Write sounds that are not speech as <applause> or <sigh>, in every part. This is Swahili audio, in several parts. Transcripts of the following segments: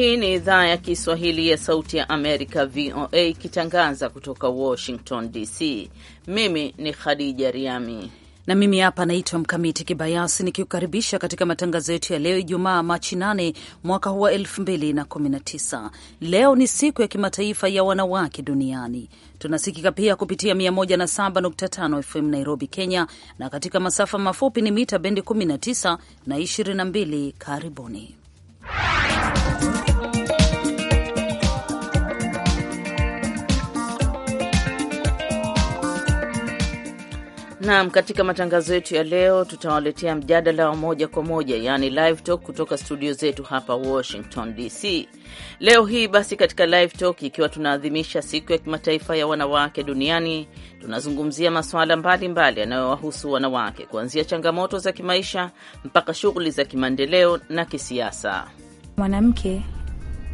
Hii ni idhaa ya Kiswahili ya Sauti ya Amerika, VOA, ikitangaza kutoka Washington DC. Mimi ni Khadija Riami na mimi hapa naitwa Mkamiti Kibayasi nikiukaribisha katika matangazo yetu ya leo Ijumaa Machi 8 mwaka huu wa 2019. Leo ni siku ya kimataifa ya wanawake duniani. Tunasikika pia kupitia 107.5 FM Nairobi, Kenya, na katika masafa mafupi ni mita bendi 19 na 22. Karibuni Naam, katika matangazo yetu ya leo tutawaletea mjadala wa moja kwa moja, yani live talk kutoka studio zetu hapa Washington DC. Leo hii basi, katika live talk, ikiwa tunaadhimisha siku ya kimataifa ya wanawake duniani, tunazungumzia masuala mbalimbali yanayowahusu wanawake, kuanzia changamoto za kimaisha mpaka shughuli za kimaendeleo na kisiasa. Mwanamke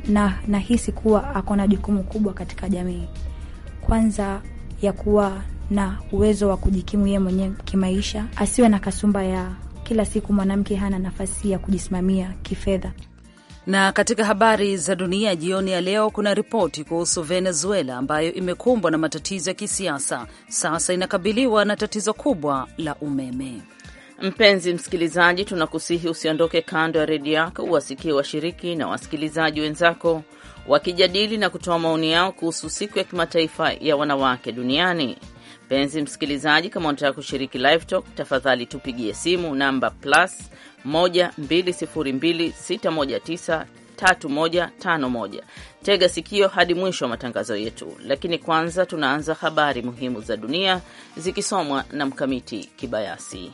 na nahisi kuwa ako na jukumu kubwa katika jamii, kwanza ya kuwa na uwezo wa kujikimu yeye mwenyewe kimaisha, asiwe na kasumba ya kila siku mwanamke hana nafasi ya kujisimamia kifedha. Na katika habari za dunia jioni ya leo, kuna ripoti kuhusu Venezuela ambayo imekumbwa na matatizo ya kisiasa, sasa inakabiliwa na tatizo kubwa la umeme. Mpenzi msikilizaji, tunakusihi usiondoke kando ya redio yako, uwasikie washiriki na wasikilizaji wenzako wakijadili na kutoa maoni yao kuhusu siku ya kimataifa ya wanawake duniani. Mpenzi msikilizaji, kama unataka kushiriki live talk, tafadhali tupigie simu namba plus 12026193151. Tega sikio hadi mwisho wa matangazo yetu, lakini kwanza tunaanza habari muhimu za dunia zikisomwa na Mkamiti Kibayasi.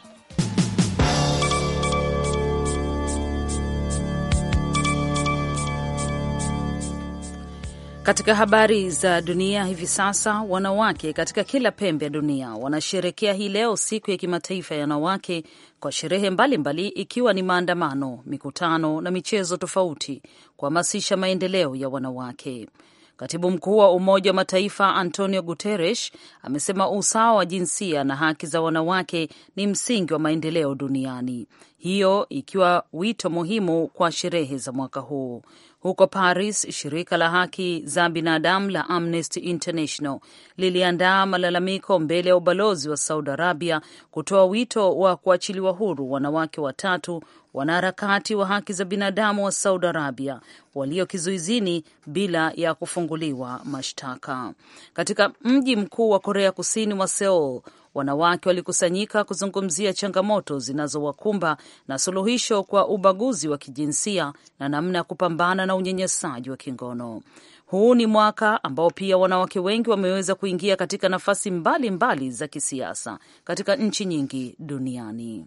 Katika habari za dunia hivi sasa, wanawake katika kila pembe ya dunia wanasherekea hii leo siku ya kimataifa ya wanawake kwa sherehe mbalimbali mbali, ikiwa ni maandamano, mikutano na michezo tofauti kuhamasisha maendeleo ya wanawake. Katibu mkuu wa Umoja wa Mataifa Antonio Guterres amesema usawa wa jinsia na haki za wanawake ni msingi wa maendeleo duniani, hiyo ikiwa wito muhimu kwa sherehe za mwaka huu. Huko Paris, shirika la haki za binadamu la Amnesty International liliandaa malalamiko mbele ya ubalozi wa Saudi Arabia kutoa wito wa kuachiliwa huru wanawake watatu wanaharakati wa haki za binadamu wa Saudi Arabia walio kizuizini bila ya kufunguliwa mashtaka. Katika mji mkuu wa Korea Kusini wa Seoul, wanawake walikusanyika kuzungumzia changamoto zinazowakumba na suluhisho kwa ubaguzi wa kijinsia na namna ya kupambana na unyanyasaji wa kingono. Huu ni mwaka ambao pia wanawake wengi wameweza kuingia katika nafasi mbalimbali mbali za kisiasa katika nchi nyingi duniani.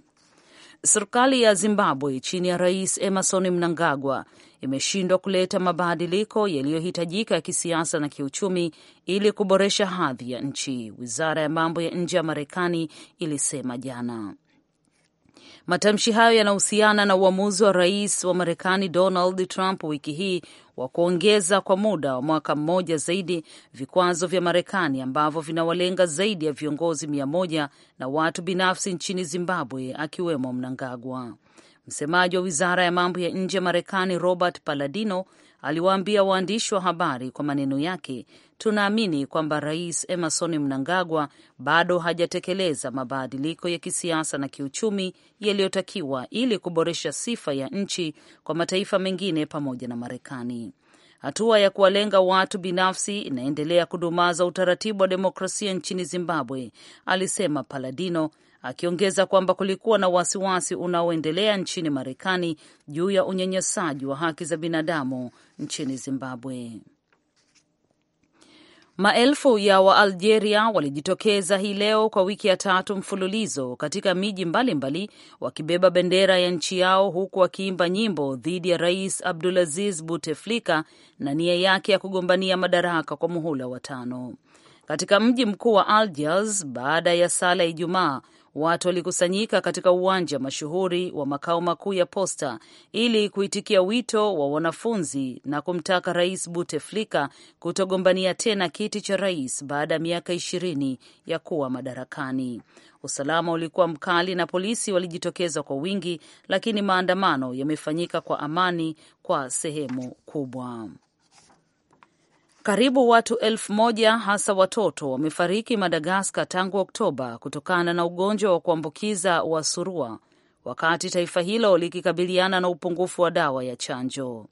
Serikali ya Zimbabwe chini ya Rais Emerson Mnangagwa imeshindwa kuleta mabadiliko yaliyohitajika ya kisiasa na kiuchumi ili kuboresha hadhi ya nchi, wizara ya mambo ya nje ya Marekani ilisema jana. Matamshi hayo yanahusiana na uamuzi wa rais wa Marekani Donald Trump wiki hii wa kuongeza kwa muda wa mwaka mmoja zaidi vikwazo vya Marekani ambavyo vinawalenga zaidi ya viongozi mia moja na watu binafsi nchini Zimbabwe, akiwemo Mnangagwa. Msemaji wa wizara ya mambo ya nje ya Marekani Robert Paladino aliwaambia waandishi wa habari kwa maneno yake, tunaamini kwamba Rais Emerson Mnangagwa bado hajatekeleza mabadiliko ya kisiasa na kiuchumi yaliyotakiwa ili kuboresha sifa ya nchi kwa mataifa mengine pamoja na Marekani. Hatua ya kuwalenga watu binafsi inaendelea kudumaza utaratibu wa demokrasia nchini Zimbabwe, alisema Paladino akiongeza kwamba kulikuwa na wasiwasi unaoendelea nchini Marekani juu ya unyanyasaji wa haki za binadamu nchini Zimbabwe. Maelfu ya Waalgeria walijitokeza hii leo kwa wiki ya tatu mfululizo katika miji mbalimbali wakibeba bendera ya nchi yao huku wakiimba nyimbo dhidi ya Rais Abdulaziz Buteflika na nia yake ya kugombania madaraka kwa muhula wa tano katika mji mkuu wa Algiers. Baada ya sala ya Ijumaa, Watu walikusanyika katika uwanja mashuhuri wa makao makuu ya posta ili kuitikia wito wa wanafunzi na kumtaka Rais Buteflika kutogombania tena kiti cha rais baada ya miaka ishirini ya kuwa madarakani. Usalama ulikuwa mkali na polisi walijitokeza kwa wingi, lakini maandamano yamefanyika kwa amani kwa sehemu kubwa. Karibu watu elfu moja hasa watoto wamefariki Madagaskar tangu Oktoba kutokana na ugonjwa wa kuambukiza wa surua, wakati taifa hilo likikabiliana na upungufu wa dawa ya chanjo.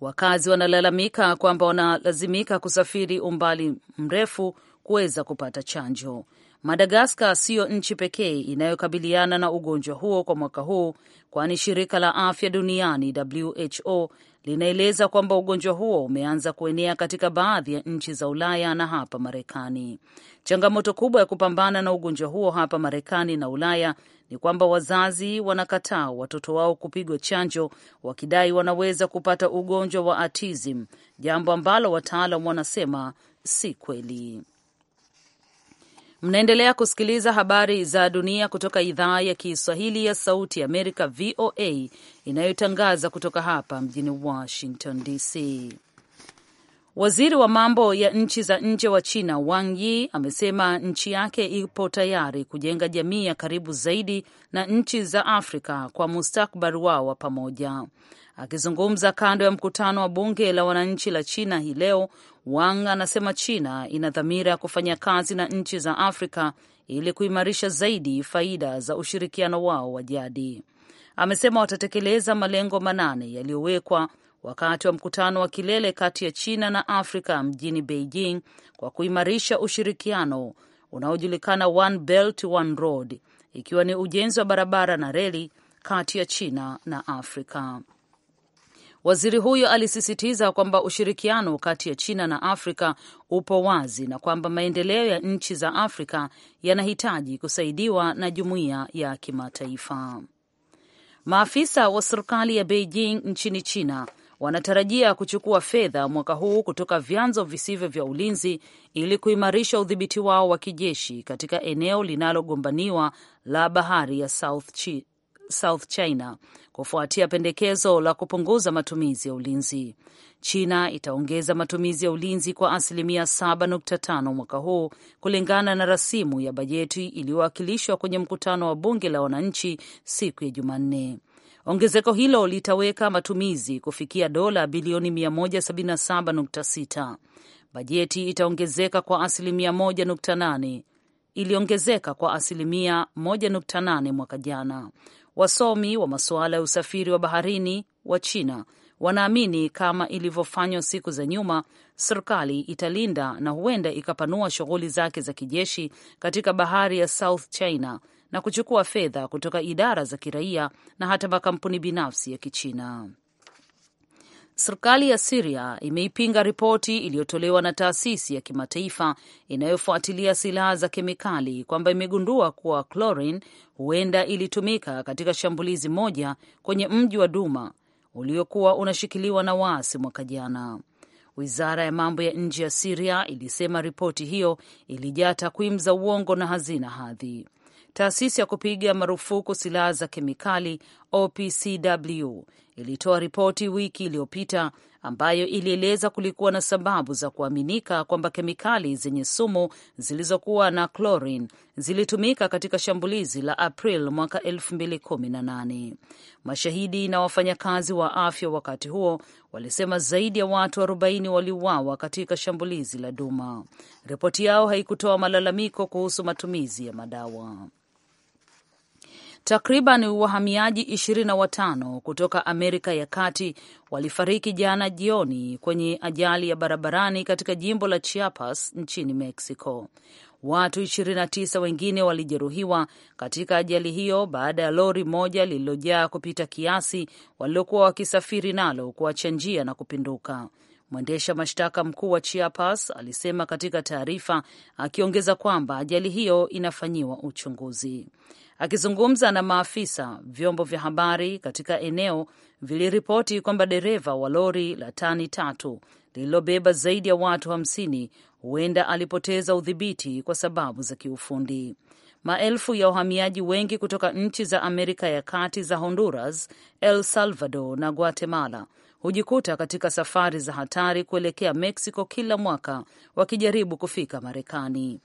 Wakazi wanalalamika kwamba wanalazimika kusafiri umbali mrefu kuweza kupata chanjo. Madagaskar siyo nchi pekee inayokabiliana na ugonjwa huo kwa mwaka huu, kwani shirika la afya duniani WHO linaeleza kwamba ugonjwa huo umeanza kuenea katika baadhi ya nchi za Ulaya na hapa Marekani. Changamoto kubwa ya kupambana na ugonjwa huo hapa Marekani na Ulaya ni kwamba wazazi wanakataa watoto wao kupigwa chanjo, wakidai wanaweza kupata ugonjwa wa autism, jambo ambalo wataalam wanasema si kweli. Mnaendelea kusikiliza habari za dunia kutoka idhaa ya Kiswahili ya Sauti ya Amerika, VOA, inayotangaza kutoka hapa mjini Washington DC. Waziri wa mambo ya nchi za nje wa China Wang Yi amesema nchi yake ipo tayari kujenga jamii ya karibu zaidi na nchi za Afrika kwa mustakbari wao wa pamoja. Akizungumza kando ya mkutano wa bunge la wananchi la China hii leo, Wang anasema China ina dhamira ya kufanya kazi na nchi za Afrika ili kuimarisha zaidi faida za ushirikiano wao wa jadi. Amesema watatekeleza malengo manane yaliyowekwa wakati wa mkutano wa kilele kati ya China na Afrika mjini Beijing kwa kuimarisha ushirikiano unaojulikana One Belt One Road, ikiwa ni ujenzi wa barabara na reli kati ya China na Afrika. Waziri huyo alisisitiza kwamba ushirikiano kati ya China na Afrika upo wazi na kwamba maendeleo ya nchi za Afrika yanahitaji kusaidiwa na jumuiya ya kimataifa. Maafisa wa serikali ya Beijing nchini China wanatarajia kuchukua fedha mwaka huu kutoka vyanzo visivyo vya ulinzi ili kuimarisha udhibiti wao wa kijeshi katika eneo linalogombaniwa la bahari ya South China kufuatia pendekezo la kupunguza matumizi ya ulinzi. China itaongeza matumizi ya ulinzi kwa asilimia 7.5 mwaka huu kulingana na rasimu ya bajeti iliyowakilishwa kwenye mkutano wa bunge la wananchi siku ya Jumanne. Ongezeko hilo litaweka matumizi kufikia dola bilioni 177.6. Bajeti itaongezeka kwa asilimia 1.8 iliongezeka kwa asilimia 1.8 mwaka jana. Wasomi wa masuala ya usafiri wa baharini wa China wanaamini kama ilivyofanywa siku za nyuma, serikali italinda na huenda ikapanua shughuli zake za kijeshi katika bahari ya South China na kuchukua fedha kutoka idara za kiraia na hata makampuni binafsi ya Kichina. Serikali ya Siria imeipinga ripoti iliyotolewa na taasisi ya kimataifa inayofuatilia silaha za kemikali kwamba imegundua kuwa chlorine huenda ilitumika katika shambulizi moja kwenye mji wa Duma uliokuwa unashikiliwa na waasi mwaka jana. Wizara ya mambo ya nje ya Siria ilisema ripoti hiyo ilijaa takwimu za uongo na hazina hadhi. Taasisi ya kupiga marufuku silaha za kemikali OPCW ilitoa ripoti wiki iliyopita ambayo ilieleza kulikuwa na sababu za kuaminika kwamba kemikali zenye sumu zilizokuwa na chlorine zilitumika katika shambulizi la April mwaka 2018. Mashahidi na wafanyakazi wa afya wakati huo walisema zaidi ya watu 40 waliuawa katika shambulizi la Duma. Ripoti yao haikutoa malalamiko kuhusu matumizi ya madawa. Takriban wahamiaji ishirini na watano kutoka Amerika ya Kati walifariki jana jioni kwenye ajali ya barabarani katika jimbo la Chiapas nchini Mexico. Watu 29 wengine walijeruhiwa katika ajali hiyo baada ya lori moja lililojaa kupita kiasi walilokuwa wakisafiri nalo kuacha njia na kupinduka. Mwendesha mashtaka mkuu wa Chiapas alisema katika taarifa, akiongeza kwamba ajali hiyo inafanyiwa uchunguzi. Akizungumza na maafisa, vyombo vya habari katika eneo viliripoti kwamba dereva wa lori la tani tatu lililobeba zaidi ya watu hamsini huenda alipoteza udhibiti kwa sababu za kiufundi. Maelfu ya wahamiaji wengi kutoka nchi za Amerika ya Kati za Honduras, El Salvador na Guatemala hujikuta katika safari za hatari kuelekea Mexico kila mwaka wakijaribu kufika Marekani.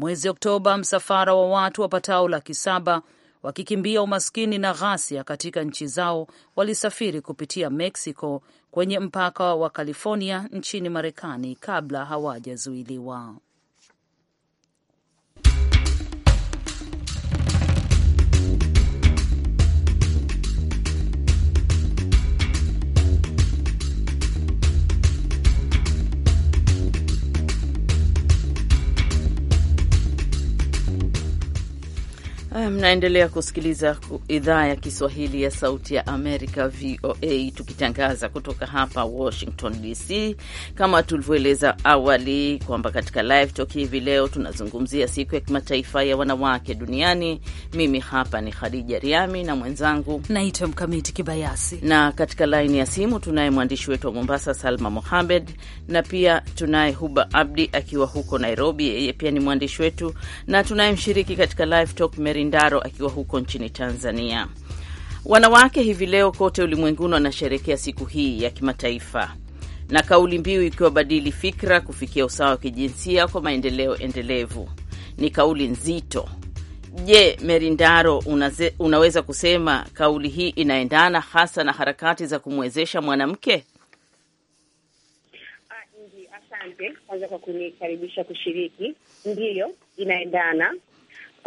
Mwezi Oktoba, msafara wa watu wapatao laki saba wakikimbia umaskini na ghasia katika nchi zao walisafiri kupitia Mexico kwenye mpaka wa California nchini Marekani kabla hawajazuiliwa. Ah, mnaendelea kusikiliza idhaa ya Kiswahili ya Sauti ya Amerika, VOA, tukitangaza kutoka hapa Washington DC. Kama tulivyoeleza awali kwamba katika live talk hivi leo tunazungumzia siku ya kimataifa ya wanawake duniani. Mimi hapa ni Khadija Riami na mwenzangu naitwa Mkamiti Kibayasi, na katika laini ya simu tunaye mwandishi wetu wa Mombasa, Salma Mohamed, na pia tunaye Huba Abdi akiwa huko Nairobi, yeye pia ni mwandishi wetu, na tunaye mshiriki katika live talk Ndaro akiwa huko nchini Tanzania. Wanawake hivi leo kote ulimwenguni wanasherehekea siku hii ya kimataifa na kauli mbiu ikiwa badili fikra kufikia usawa wa kijinsia kwa maendeleo endelevu. Ni kauli nzito. Je, Merindaro, unaze, unaweza kusema kauli hii inaendana hasa na harakati za kumwezesha mwanamke? Ah, asante kwanza kwa kunikaribisha kushiriki. Ndiyo, inaendana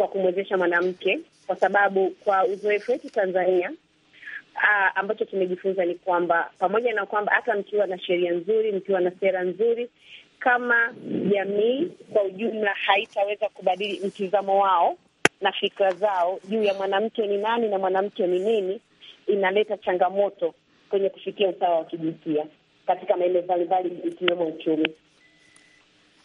kwa kumwezesha mwanamke, kwa sababu kwa uzoefu wetu Tanzania aa, ambacho tumejifunza ni kwamba pamoja na kwamba hata mkiwa na sheria nzuri, mkiwa na sera nzuri, kama jamii kwa ujumla haitaweza kubadili mtizamo wao na fikra zao juu ya mwanamke ni nani na mwanamke ni nini, inaleta changamoto kwenye kufikia usawa wa kijinsia katika maeneo mbalimbali ikiwemo uchumi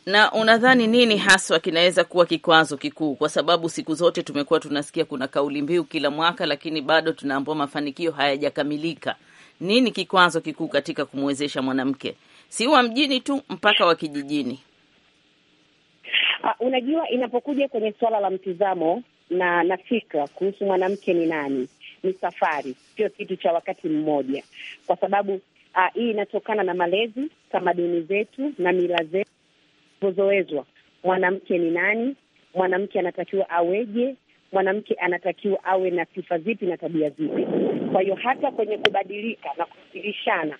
na unadhani nini haswa kinaweza kuwa kikwazo kikuu? Kwa sababu siku zote tumekuwa tunasikia kuna kauli mbiu kila mwaka, lakini bado tunaambua mafanikio hayajakamilika. Nini kikwazo kikuu katika kumwezesha mwanamke si wa mjini tu mpaka wa kijijini? Uh, unajua inapokuja kwenye suala la mtizamo na na fikra kuhusu mwanamke ni nani, ni safari, sio kitu cha wakati mmoja, kwa sababu uh, hii inatokana na malezi, tamaduni zetu na mila zetu tusipozoezwa. Mwanamke ni nani? Mwanamke anatakiwa aweje? Mwanamke anatakiwa awe na sifa zipi na tabia zipi? Kwa hiyo hata kwenye kubadilika na kubadilishana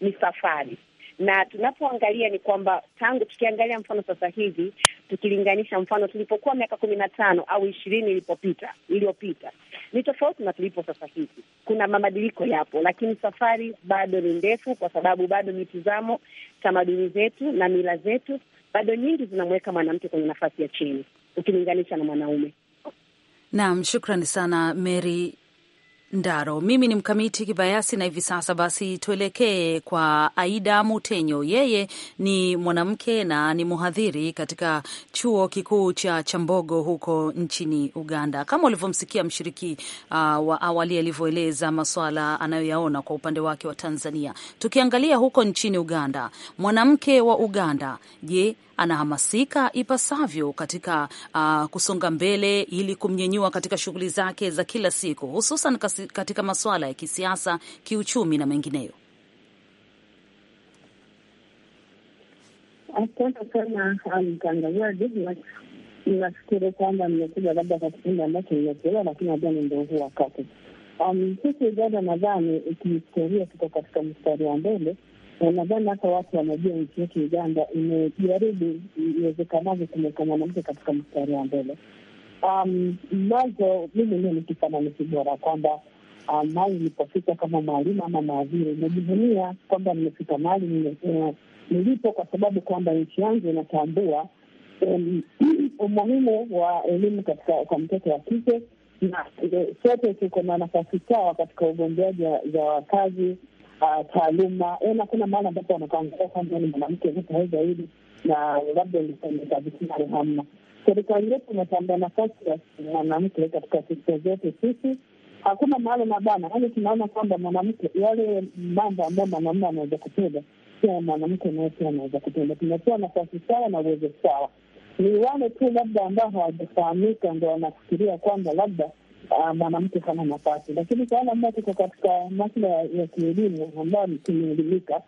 ni safari, na tunapoangalia ni kwamba tangu tukiangalia mfano sasa hivi tukilinganisha mfano tulipokuwa miaka kumi na tano au ishirini ilipopita iliyopita ni tofauti na tulipo sasa hivi. Kuna mabadiliko yapo, lakini safari bado ni ndefu, kwa sababu bado mitizamo, tamaduni zetu na mila zetu bado nyingi zinamweka mwanamke kwenye nafasi ya chini ukilinganisha na mwanaume. Naam, shukrani sana Mary Ndaro. Mimi ni Mkamiti Kibayasi, na hivi sasa basi tuelekee kwa Aida Mutenyo. Yeye ni mwanamke na ni mhadhiri katika chuo kikuu cha Chambogo huko nchini Uganda. Kama ulivyomsikia mshiriki uh, wa awali alivyoeleza maswala anayoyaona kwa upande wake wa Tanzania, tukiangalia huko nchini Uganda, mwanamke wa Uganda, je, anahamasika ipasavyo katika uh, kusonga mbele ili kumnyenyua katika shughuli zake za kila siku, hususan katika masuala ya kisiasa, kiuchumi na mengineyo. Asante sana ah, mtangazaji. Nashukuru kwamba mmekuja labda kwa kipindi ambacho nimechelewa, lakini aja ni huu wakati. Um, Sisi Uganda nadhani kihistoria tuko katika mstari wa mbele Eh, nadhani hata watu wanajua nchi yetu Uganda imejaribu iwezekanavyo kumweka mwanamke katika mstari wa mbele. Um, mwanzo mi mwenyewe nikifanani bora kwamba mali um, ilipofika kama mwalimu ama maadhiri, imejivunia kwamba nimefika mali eh, nilipo, kwa sababu kwamba nchi yangu inatambua um, <clears throat> umuhimu wa elimu katika kwa mtoto wa kike, na eh, sote tuko na nafasi sawa katika ugombeaji za kazi Ah, taaluma, yaani hakuna mahali ambapo wanakaangalia kwamba ni mwanamke vitu zaidi na labda likaiari hamna. Serikali yetu imetambua nafasi ya mwanamke katika sekta zote sisi hakuna mahali na bana, yaani tunaona kwamba mwanamke, yale mambo ambayo mwanaume anaweza kutenda pia mwanamke naye pia anaweza kutenda. Tumepewa nafasi sawa na uwezo sawa. Ni wale tu labda ambao hawajafahamika ndo wanafikiria kwamba labda Ah, mwanamke hana nafasi, lakini suala ambao tuko katika masla ya kielimu ambayo tumeelimika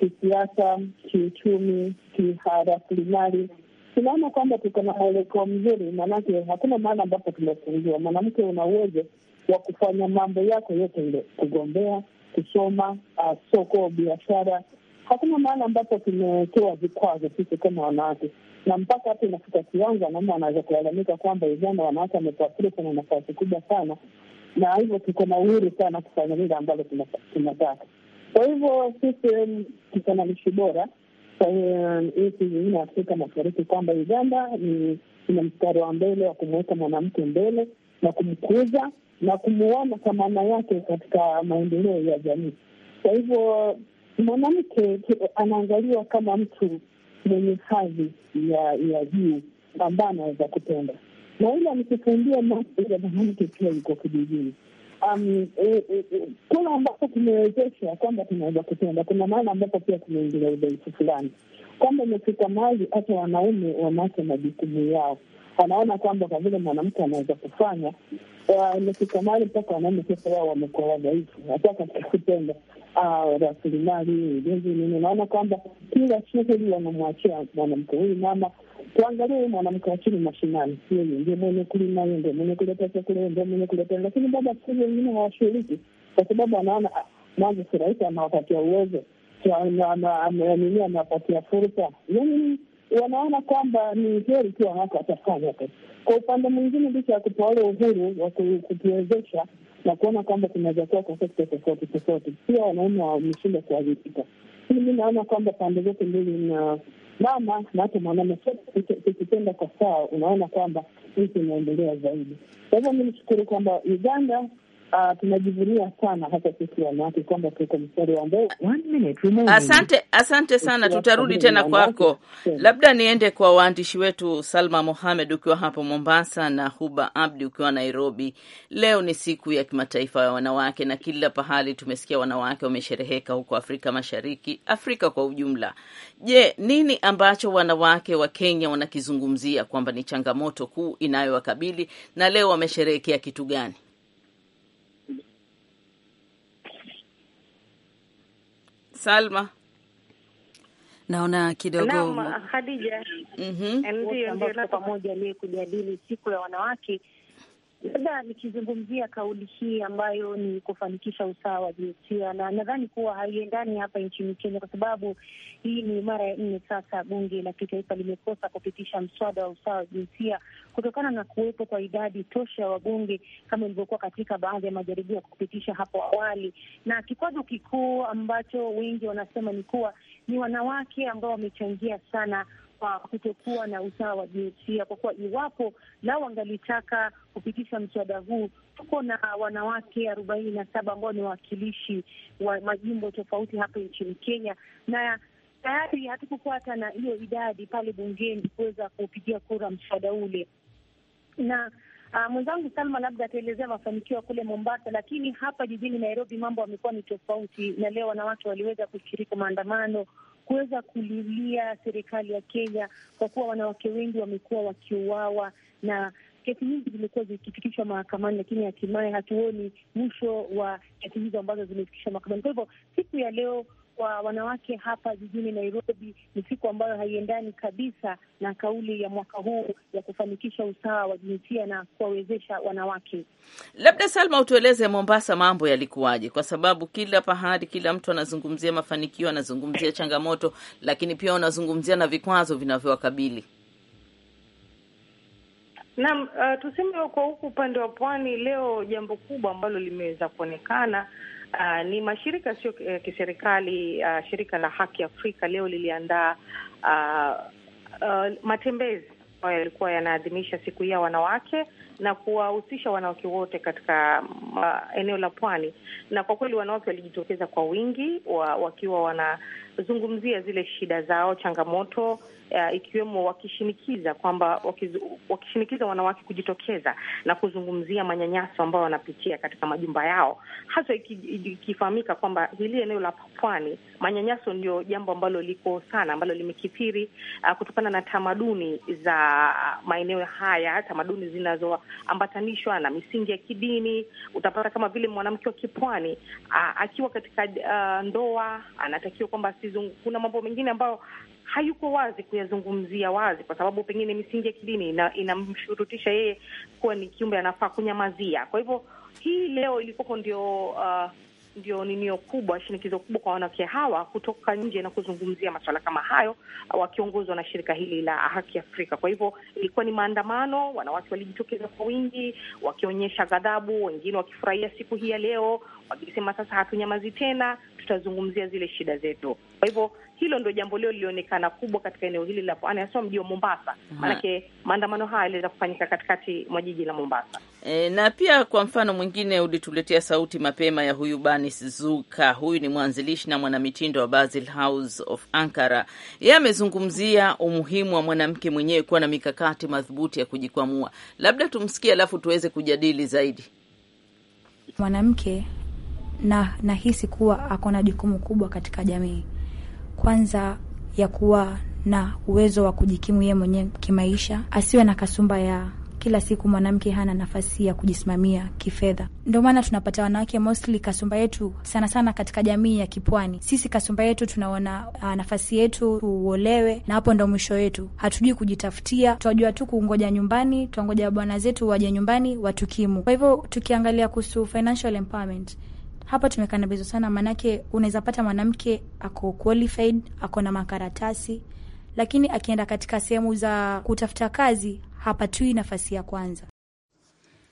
kisiasa, kiuchumi, kiharasilimali, tunaona kwamba tuko na mwelekeo mzuri, maanake hakuna mahala ambapo tumefungiwa. Mwanamke una uwezo wa kufanya mambo yako yote ile, kugombea, kusoma, ah, soko, biashara hakuna mahala ambapo tumewekewa vikwazo sisi kama wanawake, na mpaka hata inafika kiwanja wanaume wanaweza kulalamika kwamba Uganda wanawake wametuathiri kwenye nafasi kubwa sana, na hivyo tuko na uhuru sana kufanya lile ambalo tunataka. Kwa hivyo sisi tuko bora nchi zingine Afrika Mashariki kwamba Uganda ni ina mstari wa mbele wa kumuweka mwanamke mbele na kumkuza na kumuona thamani yake katika maendeleo ya jamii. Kwa hivyo mwanamke eh, anaangaliwa kama mtu mwenye hadhi ya ya juu ambaye anaweza kupenda, na ile amekufundia ya mwanamke pia yuko kijijini um, eh, eh, kuna ambapo tumewezesha kwamba tunaweza kupenda. Kuna maana ambapo pia kumeingilia udhaifu fulani, kwamba imefika mahali hata wanaume wanaacha majukumu yao anaona kwamba kwa vile mwanamke anaweza kufanya uh, imefika mpaka wanaume sasa wao wamekuwa wadhaifu, hata katika kutenda uh, rasilimali, ujenzi nini. kwamba kila shughuli wanamwachia mwanamke huyu mama. Tuangalie huyu mwanamke wa chini mashinani, yeye ndio mwenye kulima, yeye ndio mwenye kuleta chakula, ndio mwenye kuleta, lakini baba siku hizi wengine hawashiriki kwa sababu anaona ah, mwanzo si rahisi, anawapatia uwezo, anawapatia fursa, yani wanaona kwamba ni heri tu wako watafanya. Kwa upande mwingine, licha ya kutoa ule uhuru wa kutuwezesha na kuona kwamba kunaweza kuwa kwa sekta tofauti tofauti, pia wanaume wameshinda kuwajibika. Hii mi naona kwamba pande zote mbili na mama na hata mwanaume sote tukitenda kwa sawa, unaona kwamba nchi inaendelea zaidi. Kwa hivyo mi nishukuru kwamba Uganda Uh, tunajivunia sana hasa sisi wanawake kwamba tuko mstari wa mbele. Asante, asante sana, tutarudi tena kwako. Labda niende kwa waandishi wetu, Salma Mohamed ukiwa hapo Mombasa na Huba Abdi ukiwa Nairobi. Leo ni siku ya kimataifa ya wanawake, na kila pahali tumesikia wanawake wameshereheka huko Afrika Mashariki, Afrika kwa ujumla. Je, nini ambacho wanawake wa Kenya wanakizungumzia kwamba ni changamoto kuu inayowakabili na leo wamesherehekea kitu gani? Salma, naona kidogo Hadija, mhm. ndio ndio, pamoja kujadili siku ya wanawake Labda nikizungumzia kauli hii ambayo ni kufanikisha usawa wa jinsia, na nadhani kuwa haiendani hapa nchini Kenya, kwa sababu hii ni mara ya nne sasa bunge la kitaifa limekosa kupitisha mswada wa usawa wa jinsia kutokana na kuwepo kwa idadi tosha ya wabunge kama ilivyokuwa katika baadhi ya majaribio ya kupitisha hapo awali, na kikwazo kikuu ambacho wengi wanasema ni kuwa ni wanawake ambao wamechangia sana kwa kutokuwa na usawa wa jinsia, kwa kuwa iwapo lao wangalitaka kupitisha mswada huu, tuko na wanawake arobaini na saba ambao ni wawakilishi wa majimbo tofauti hapa nchini Kenya na tayari hatukufuata na hiyo idadi pale bungeni kuweza kupigia kura mswada ule. Na uh, mwenzangu Salma labda ataelezea mafanikio ya kule Mombasa, lakini hapa jijini Nairobi mambo yamekuwa ni tofauti, na leo wanawake waliweza kushiriki maandamano kuweza kulilia serikali ya Kenya kwa kuwa wanawake wengi wamekuwa wakiuawa na kesi nyingi zimekuwa zikifikishwa mahakamani, lakini hatimaye hatuoni mwisho wa kesi hizo ambazo zimefikishwa mahakamani. Kwa hivyo siku ya leo kwa wanawake hapa jijini Nairobi ni siku ambayo haiendani kabisa na kauli ya mwaka huu ya kufanikisha usawa wa jinsia na kuwawezesha wanawake. Labda Salma, utueleze Mombasa, mambo yalikuwaje? Kwa sababu kila pahali, kila mtu anazungumzia mafanikio, anazungumzia changamoto, lakini pia unazungumzia na vikwazo vinavyowakabili. Naam, uh, tuseme kwa huku upande wa pwani leo, jambo kubwa ambalo limeweza kuonekana Uh, ni mashirika sio uh, kiserikali. Uh, shirika la Haki Afrika leo liliandaa uh, uh, matembezi ambayo yalikuwa yanaadhimisha siku hii ya wanawake na kuwahusisha wanawake wote katika uh, eneo la pwani. Na kwa kweli wanawake walijitokeza kwa wingi wa, wakiwa wanazungumzia zile shida zao, changamoto uh, ikiwemo wakishinikiza kwamba wakizu, wakishinikiza wanawake kujitokeza na kuzungumzia manyanyaso ambayo wanapitia katika majumba yao, hasa ikifahamika kwamba hili eneo la pwani manyanyaso ndio jambo ambalo liko sana, ambalo limekithiri uh, kutokana na tamaduni za maeneo haya, tamaduni zinazo ambatanishwa na misingi ya kidini. Utapata kama vile mwanamke wa kipwani akiwa katika uh, ndoa anatakiwa kwamba kuna mambo mengine ambayo hayuko wazi kuyazungumzia wazi, kwa sababu pengine misingi ya kidini inamshurutisha ina yeye kuwa ni kiumbe anafaa kunyamazia. Kwa hivyo hii leo ilikuwako ndio uh, ndio ninio kubwa, shinikizo kubwa kwa wanawake hawa kutoka nje na kuzungumzia masuala kama hayo, wakiongozwa na shirika hili la Haki Afrika. Kwa hivyo ilikuwa ni maandamano, wanawake walijitokeza kwa wingi wakionyesha ghadhabu, wengine wakifurahia siku hii ya leo, wakisema sasa hatunyamazi tena, tutazungumzia zile shida zetu. Kwa hivyo hilo ndo jambo leo lilionekana kubwa katika eneo hili la pwani, hasa mji wa Mombasa, maanake maandamano haya yaliweza kufanyika katikati mwa jiji la Mombasa. E, na pia kwa mfano mwingine ulituletea sauti mapema ya huyu Banis Zuka. Huyu ni mwanzilishi na mwanamitindo wa Basil House of Ankara. Yeye amezungumzia umuhimu wa mwanamke mwenyewe kuwa na mikakati madhubuti ya kujikwamua. Labda tumsikie, alafu tuweze kujadili zaidi. Mwanamke na nahisi kuwa ako na jukumu kubwa katika jamii, kwanza ya kuwa na uwezo wa kujikimu yeye mwenyewe kimaisha, asiwe na kasumba ya kila siku mwanamke hana nafasi ya kujisimamia kifedha. Ndio maana tunapata wanawake mostly, kasumba yetu sana sana katika jamii ya kipwani, sisi kasumba yetu tunaona ah, nafasi yetu tuolewe, na hapo ndo mwisho wetu. Hatujui kujitafutia, twajua tu kungoja nyumbani, twangoja bwana zetu waje nyumbani watukimu. Kwa hivyo tukiangalia kuhusu financial empowerment hapa tumekanabizwa sana, maanake unaweza pata mwanamke ako qualified, ako na makaratasi, lakini akienda katika sehemu za kutafuta kazi hapatui nafasi ya kwanza.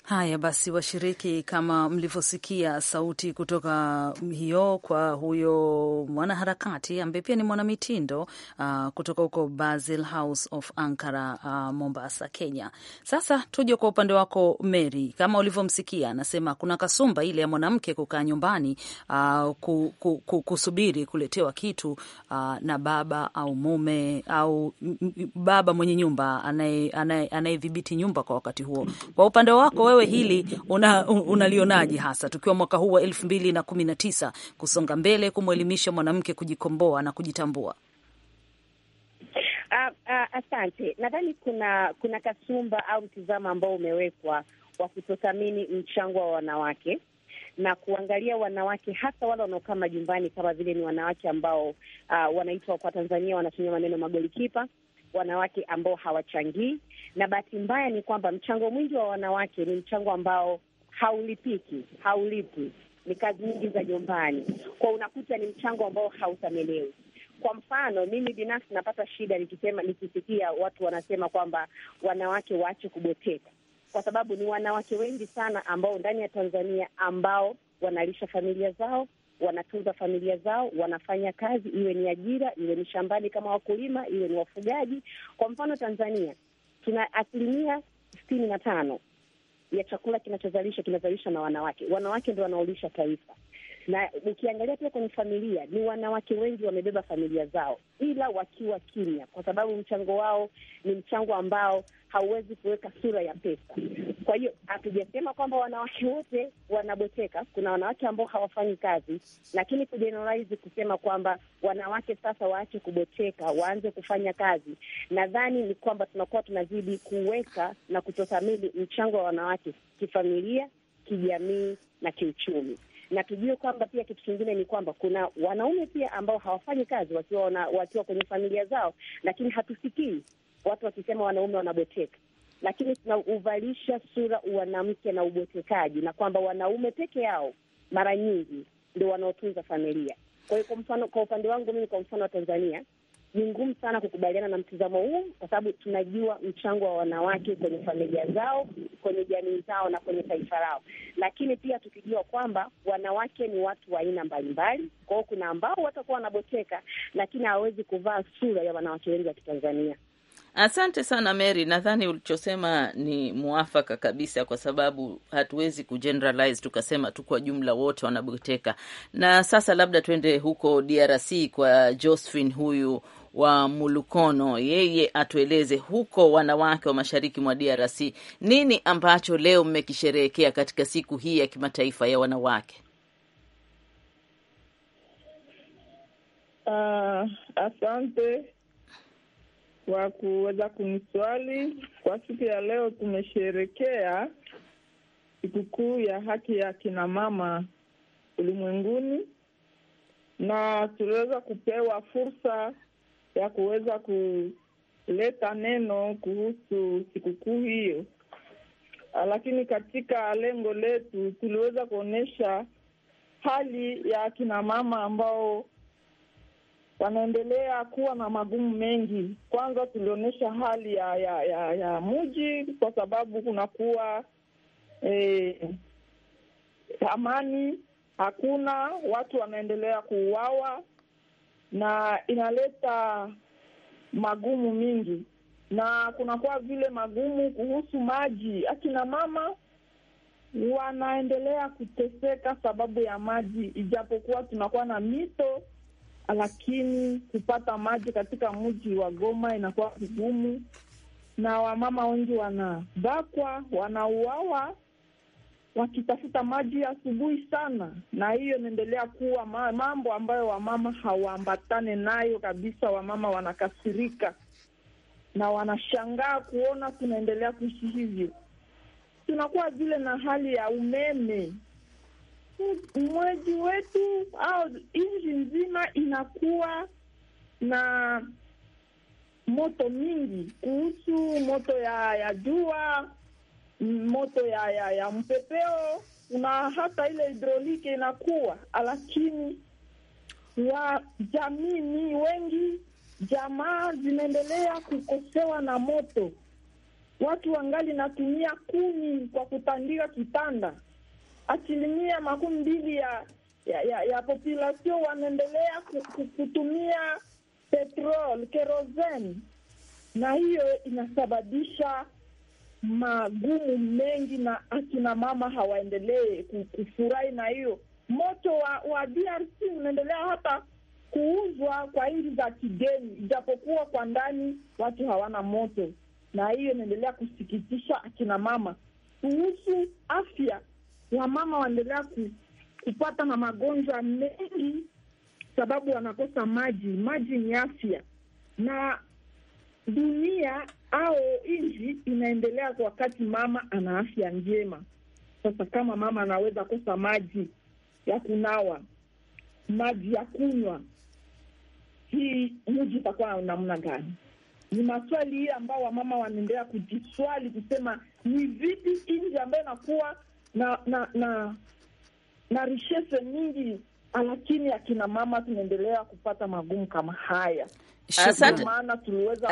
Haya basi, washiriki, kama mlivyosikia sauti kutoka hiyo kwa huyo mwanaharakati ambaye pia ni mwanamitindo uh, kutoka huko Basil House of Ankara, uh, Mombasa, Kenya. Sasa tuje kwa upande wako Mary, kama ulivyomsikia anasema kuna kasumba ile ya mwanamke kukaa nyumbani uh, ku, ku, ku, kusubiri kuletewa kitu uh, na baba au mume au baba mwenye nyumba anayedhibiti nyumba kwa wakati huo. Kwa upande wako wewe wewe hili unalionaje, una hasa tukiwa mwaka huu wa elfu mbili na kumi na tisa kusonga mbele kumwelimisha mwanamke kujikomboa na kujitambua? Uh, uh, asante. Nadhani kuna kuna kasumba au mtizamo ambao umewekwa wa kutothamini mchango wa wanawake na kuangalia wanawake hasa wale wanaokaa majumbani kama vile ni wanawake ambao uh, wanaitwa kwa Tanzania wanatumia maneno magolikipa wanawake ambao hawachangii, na bahati mbaya ni kwamba mchango mwingi wa wanawake ni mchango ambao haulipiki, haulipwi, ni kazi nyingi za nyumbani, kwa unakuta ni mchango ambao hauthaminiwi. Kwa mfano mimi binafsi napata shida nikisema, nikisikia watu wanasema kwamba wanawake waache kubweteka, kwa sababu ni wanawake wengi sana ambao ndani ya Tanzania ambao wanalisha familia zao wanatunza familia zao, wanafanya kazi, iwe ni ajira, iwe ni shambani kama wakulima, iwe ni wafugaji. Kwa mfano, Tanzania tuna asilimia sitini na tano ya chakula kinachozalisha kinazalishwa na wanawake. Wanawake ndio wanaolisha taifa na ukiangalia pia kwenye familia, ni wanawake wengi wamebeba familia zao, ila wakiwa kimya, kwa sababu mchango wao ni mchango ambao hauwezi kuweka sura ya pesa. Kwa hiyo hatujasema kwamba wanawake wote wanaboteka. Kuna wanawake ambao hawafanyi kazi, lakini kujeneralize kusema kwamba wanawake sasa waache kuboteka, waanze kufanya kazi, nadhani ni kwamba tunakuwa tunazidi kuweka na kutothamini mchango wa wanawake kifamilia, kijamii na kiuchumi na tujue kwamba pia kitu kingine ni kwamba kuna wanaume pia ambao hawafanyi kazi wakiwa wana, wakiwa kwenye familia zao, lakini hatusikii watu wakisema wanaume wanaboteka lakini tunauvalisha sura uwanamke na ubotekaji, na kwamba wanaume peke yao mara nyingi ndio wanaotunza familia. Kwa hiyo kwa mfano, kwa upande wangu mimi, kwa mfano wa Tanzania, ni ngumu sana kukubaliana na mtizamo huu, kwa sababu tunajua mchango wa wanawake kwenye familia zao, kwenye jamii zao na kwenye taifa lao. Lakini pia tukijua kwamba wanawake ni watu wa aina mbalimbali, kwa hiyo kuna ambao watakuwa wanaboteka, lakini hawawezi kuvaa sura ya wanawake wengi wa Kitanzania. Asante sana Mary, nadhani ulichosema ni mwafaka kabisa, kwa sababu hatuwezi kugeneralize tukasema tu kwa jumla wote wanaboteka. Na sasa labda tuende huko DRC kwa Josephine huyu wa Mulukono, yeye atueleze huko, wanawake wa mashariki mwa DRC, nini ambacho leo mmekisherehekea katika siku hii ya kimataifa ya wanawake? Uh, asante kwa kuweza kumswali. Kwa siku ya leo tumesherekea sikukuu ya haki ya kina mama ulimwenguni, na tuliweza kupewa fursa ya kuweza kuleta neno kuhusu sikukuu hiyo, ah, lakini katika lengo letu tuliweza kuonyesha hali ya akina mama ambao wanaendelea kuwa na magumu mengi. Kwanza tulionyesha hali ya ya, ya, ya mji kwa sababu kunakuwa eh, amani hakuna, watu wanaendelea kuuawa na inaleta magumu mingi, na kunakuwa vile magumu kuhusu maji. Akina mama wanaendelea kuteseka sababu ya maji, ijapokuwa tunakuwa na mito, lakini kupata maji katika mji wa Goma inakuwa vigumu, na wamama wengi wanabakwa, wanauawa wakitafuta maji asubuhi sana, na hiyo inaendelea kuwa mambo ambayo wamama hawaambatane nayo kabisa. Wamama wanakasirika na wanashangaa kuona tunaendelea kuishi hivyo. Tunakuwa vile na hali ya umeme mwezi wetu au nchi nzima inakuwa na moto mingi kuhusu moto ya, ya jua moto ya, ya, ya mpepeo una hata ile hidrolike inakuwa, lakini wa jamii ni wengi, jamaa zinaendelea kukosewa na moto. Watu wangali natumia kuni kwa kutandika kitanda. Asilimia makumi mbili ya ya, ya, ya population wanaendelea kutumia petrol kerosene, na hiyo inasababisha magumu mengi, na akina mama hawaendelee kufurahi na hiyo moto wa, wa DRC unaendelea hata kuuzwa kwa nchi za kigeni, ijapokuwa kwa ndani watu hawana moto, na hiyo inaendelea kusikitisha akina mama. Kuhusu afya, wamama waendelea ku, kupata na magonjwa mengi sababu wanakosa maji. Maji ni afya, na dunia au nchi inaendelea wakati mama ana afya njema. Sasa kama mama anaweza kosa maji ya kunawa, maji ya kunywa, hii mji itakuwa namna gani? Ni maswali hii ambao wamama wanaendelea kujiswali, kusema ni vipi nchi ambayo inakuwa na na na, na rishese mingi, lakini akina mama tunaendelea kupata magumu kama haya. Asante,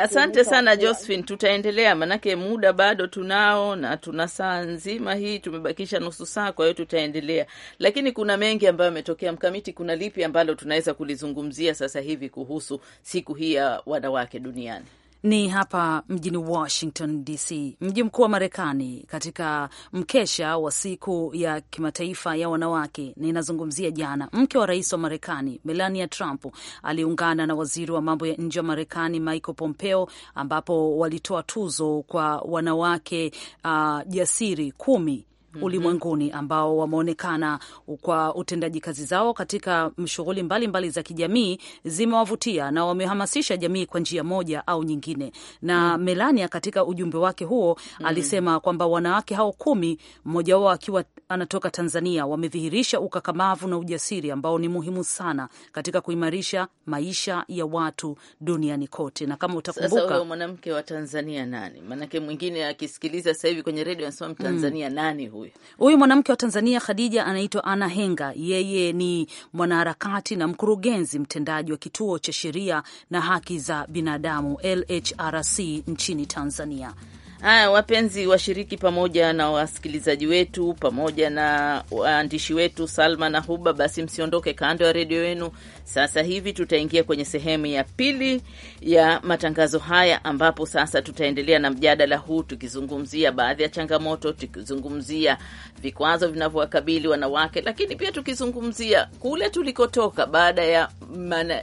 asante sana Josephine, tutaendelea manake muda bado tunao na tuna saa nzima hii, tumebakisha nusu saa, kwa hiyo tutaendelea, lakini kuna mengi ambayo yametokea. Mkamiti, kuna lipi ambalo tunaweza kulizungumzia sasa hivi kuhusu siku hii ya wanawake duniani? Ni hapa mjini Washington DC, mji mkuu wa Marekani, katika mkesha wa siku ya kimataifa ya wanawake. Ninazungumzia jana, mke wa rais wa Marekani Melania Trump aliungana na waziri wa mambo ya nje wa Marekani Michael Pompeo, ambapo walitoa tuzo kwa wanawake ah, jasiri uh, kumi Mm-hmm. ulimwenguni ambao wameonekana kwa utendaji kazi zao katika shughuli mbalimbali za kijamii zimewavutia na wamehamasisha jamii kwa njia moja au nyingine. Na mm. Melania katika ujumbe wake huo mm. alisema kwamba wanawake hao kumi, mmoja wao akiwa anatoka Tanzania, wamedhihirisha ukakamavu na ujasiri ambao ni muhimu sana katika kuimarisha maisha ya watu duniani kote. Na kama utakumbuka mwanamke wa Tanzania nani? Maanake mwingine akisikiliza sasa hivi kwenye redio anasema mm. Mtanzania mm. nani huyo? huyu? Huyu mwanamke wa Tanzania Khadija anaitwa Ana Henga. Yeye ni mwanaharakati na mkurugenzi mtendaji wa kituo cha sheria na haki za binadamu LHRC nchini Tanzania. Haya, wapenzi washiriki, pamoja na wasikilizaji wetu, pamoja na waandishi wetu Salma na Huba, basi msiondoke kando ya redio yenu. Sasa hivi tutaingia kwenye sehemu ya pili ya matangazo haya, ambapo sasa tutaendelea na mjadala huu tukizungumzia baadhi ya changamoto, tukizungumzia vikwazo vinavyowakabili wanawake, lakini pia tukizungumzia kule tulikotoka baada ya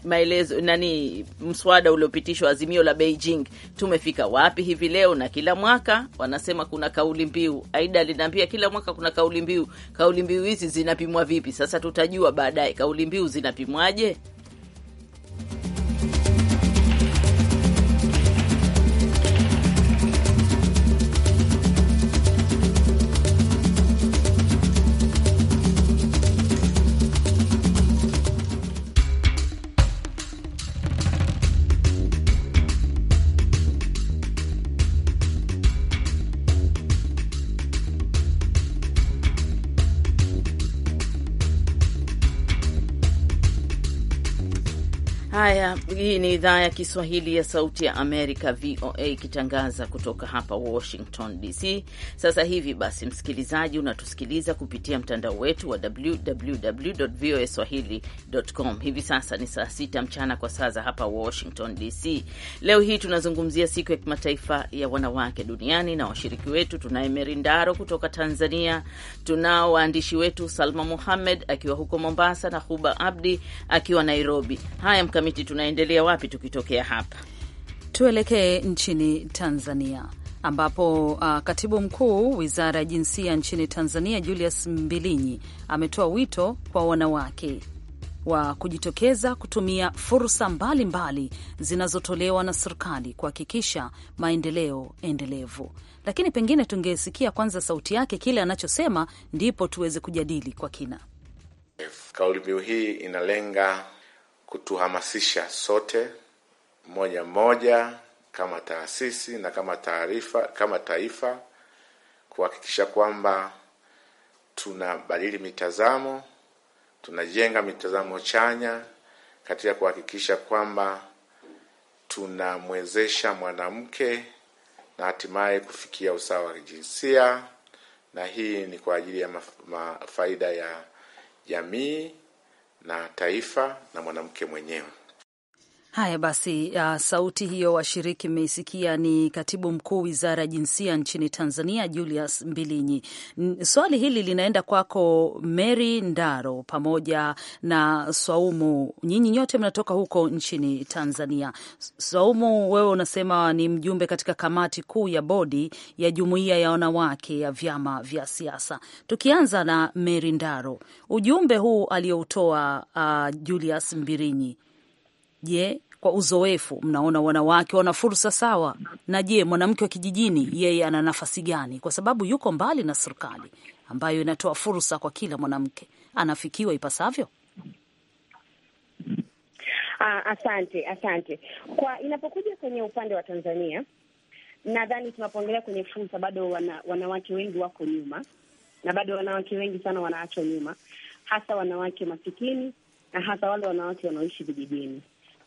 maelezo nani, mswada uliopitishwa, azimio la Beijing, tumefika wapi hivi leo na kila mwaka wanasema kuna kauli mbiu. Aida aliniambia kila mwaka kuna kauli mbiu. Kauli mbiu hizi zinapimwa vipi? Sasa tutajua baadaye kauli mbiu zinapimwaje. Haya, hii ni idhaa ya Kiswahili ya Sauti ya Amerika, VOA, ikitangaza kutoka hapa Washington DC. Sasa hivi basi, msikilizaji, unatusikiliza kupitia mtandao wetu wa www voa swahili.com. Hivi sasa ni saa sita mchana kwa saa za hapa Washington DC. Leo hii tunazungumzia siku ya kimataifa ya wanawake duniani, na washiriki wetu tunaye ndaro kutoka Tanzania, tunao waandishi wetu Salma Muhammed akiwa huko Mombasa na Huba Abdi akiwa Nairobi. Haya, Mkamiti, tunaendelea wapi tukitokea hapa? Tuelekee nchini Tanzania ambapo uh, katibu mkuu wizara ya jinsia nchini Tanzania Julius Mbilinyi ametoa wito kwa wanawake wa kujitokeza kutumia fursa mbalimbali zinazotolewa na serikali kuhakikisha maendeleo endelevu. Lakini pengine tungesikia kwanza sauti yake, kile anachosema, ndipo tuweze kujadili kwa kina. Kauli mbiu hii inalenga kutuhamasisha sote moja moja kama taasisi na kama taarifa kama taifa kuhakikisha kwamba tunabadili mitazamo, tunajenga mitazamo chanya katika kuhakikisha kwamba tunamwezesha mwanamke na hatimaye kufikia usawa wa kijinsia, na hii ni kwa ajili ya mafaida ya jamii na taifa na mwanamke mwenyewe. Haya basi, uh, sauti hiyo washiriki mmeisikia. Ni katibu mkuu wizara ya jinsia nchini Tanzania, Julius Mbilinyi. Swali hili linaenda kwako Mary Ndaro pamoja na Swaumu, nyinyi nyote mnatoka huko nchini Tanzania. Swaumu, wewe unasema ni mjumbe katika kamati kuu ya bodi ya jumuiya ya wanawake ya vyama vya siasa. Tukianza na Mary Ndaro, ujumbe huu alioutoa uh, Julius Mbilinyi Je, kwa uzoefu mnaona wanawake wana fursa sawa? Na je, mwanamke wa kijijini yeye ana nafasi gani? Kwa sababu yuko mbali na serikali ambayo inatoa fursa kwa kila mwanamke, anafikiwa ipasavyo? Ah, asante asante. Kwa inapokuja kwenye upande wa Tanzania, nadhani tunapoongelea kwenye fursa bado wana, wanawake wengi wako nyuma, na bado wanawake wengi sana wanaachwa nyuma, hasa wanawake masikini na hasa wale wanawake wanaoishi vijijini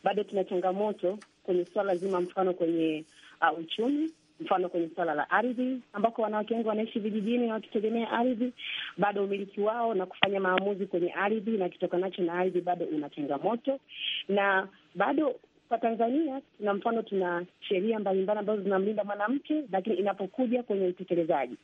bado tuna changamoto kwenye swala zima, mfano kwenye uh, uchumi mfano kwenye swala la ardhi ambako wanawake wengi wanaishi vijijini na wakitegemea ardhi, bado umiliki wao na kufanya maamuzi kwenye ardhi na kitokanacho na ardhi bado una changamoto. Na bado kwa Tanzania tuna mfano, tuna sheria mbalimbali ambazo zinamlinda mwanamke, lakini inapokuja kwenye utekelezaji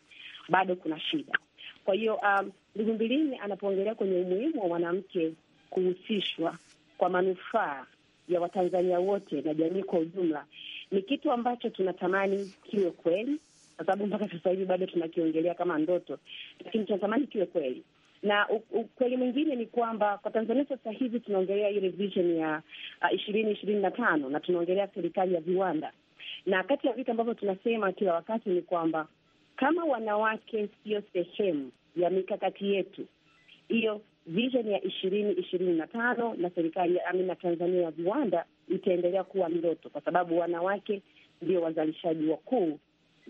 bado kuna shida. Kwa hiyo um, ndugu um, Mbilini anapoongelea kwenye umuhimu wa mwanamke kuhusishwa kwa manufaa ya Watanzania wote na jamii kwa ujumla ni kitu ambacho tunatamani kiwe kweli, kwa sababu mpaka sasa hivi bado tunakiongelea kama ndoto, lakini tunatamani kiwe kweli. Na ukweli mwingine ni kwamba kwa Tanzania sasa hivi tunaongelea hii vision ya uh, ishirini ishirini na tano na tunaongelea serikali ya viwanda, na kati ya vitu ambavyo tunasema kila wakati ni kwamba kama wanawake siyo sehemu ya mikakati yetu hiyo, vision ya ishirini ishirini na tano na serikali na Tanzania ya viwanda itaendelea kuwa ndoto, kwa sababu wanawake ndio wazalishaji wakuu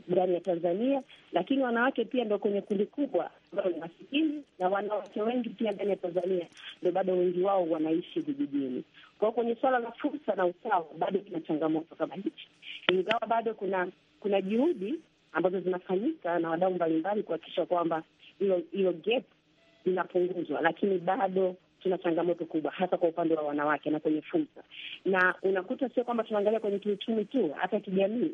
ndani ya Tanzania, lakini wanawake pia ndo kwenye kundi kubwa ambao ni masikini, na wanawake wengi pia ndani ya Tanzania ndo bado wengi wao wanaishi vijijini. kwao kwenye suala la fursa na usawa bado kuna changamoto kama hichi, ingawa bado kuna kuna juhudi ambazo zinafanyika na wadau mbalimbali kuhakikisha kwamba hilo hilo gap inapunguzwa lakini bado tuna changamoto kubwa, hasa kwa upande wa wanawake na kwenye fursa. Na unakuta sio kwamba tunaangalia kwenye kiuchumi tu, hata kijamii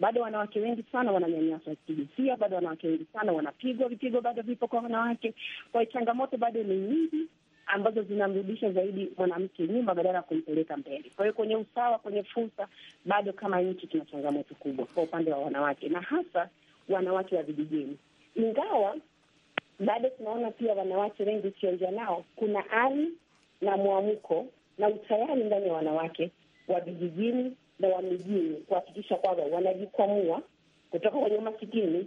bado wanawake wengi sana wananyanyaswa kijinsia, bado wanawake wengi sana wanapigwa, vipigo bado vipo kwa wanawake. Kwa hiyo changamoto bado ni nyingi ambazo zinamrudisha zaidi mwanamke nyuma badala ya kumpeleka mbele. Kwa hiyo kwenye usawa, kwenye fursa, bado kama nchi tuna changamoto kubwa kwa upande wa wanawake na hasa wanawake wa vijijini, ingawa bado tunaona pia wanawake wengi, ukiongea nao, kuna ari na mwamko na utayari ndani ya wanawake wa vijijini na wa mijini kuhakikisha kwamba wanajikwamua kutoka kwenye umasikini,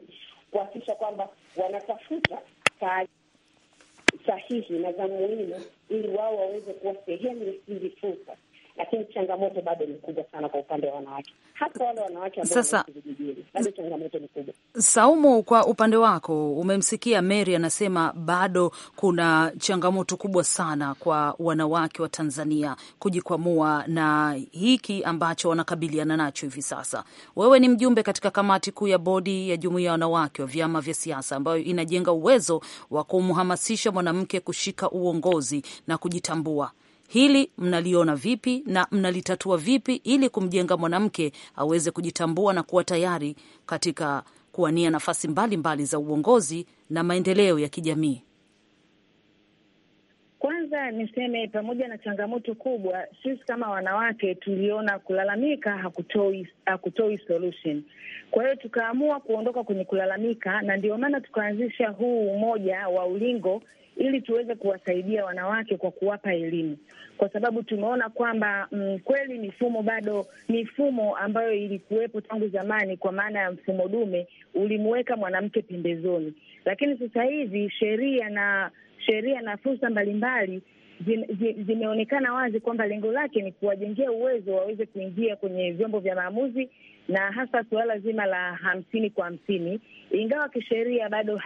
kuhakikisha kwamba wanatafuta sahihi na za muhimu, ili wao waweze kuwa sehemu ya hizi fursa lakini changamoto bado ni kubwa sana kwa upande wa wanawake, hasa wale wanawake ambao sasa vijijini, bado changamoto ni kubwa. Saumu, kwa upande wako umemsikia Mary anasema bado kuna changamoto kubwa sana kwa wanawake wa Tanzania kujikwamua na hiki ambacho wanakabiliana nacho hivi sasa. Wewe ni mjumbe katika kamati kuu ya bodi ya jumuiya ya wanawake wa vyama vya siasa ambayo inajenga uwezo wa kumhamasisha mwanamke kushika uongozi na kujitambua. Hili mnaliona vipi na mnalitatua vipi ili kumjenga mwanamke aweze kujitambua na kuwa tayari katika kuwania nafasi mbalimbali mbali za uongozi na maendeleo ya kijamii? Kwanza niseme pamoja na changamoto kubwa, sisi kama wanawake tuliona kulalamika hakutoi, hakutoi solution. Kwa hiyo tukaamua kuondoka kwenye kulalamika, na ndio maana tukaanzisha huu umoja wa Ulingo ili tuweze kuwasaidia wanawake kwa kuwapa elimu, kwa sababu tumeona kwamba mm, kweli mifumo bado, mifumo ambayo ilikuwepo tangu zamani, kwa maana ya mfumo dume, ulimweka mwanamke pembezoni, lakini sasa hivi sheria na sheria na fursa mbalimbali zimeonekana wazi kwamba lengo lake ni kuwajengea uwezo waweze kuingia kwenye vyombo vya maamuzi na hasa suala zima la hamsini kwa hamsini, ingawa kisheria bado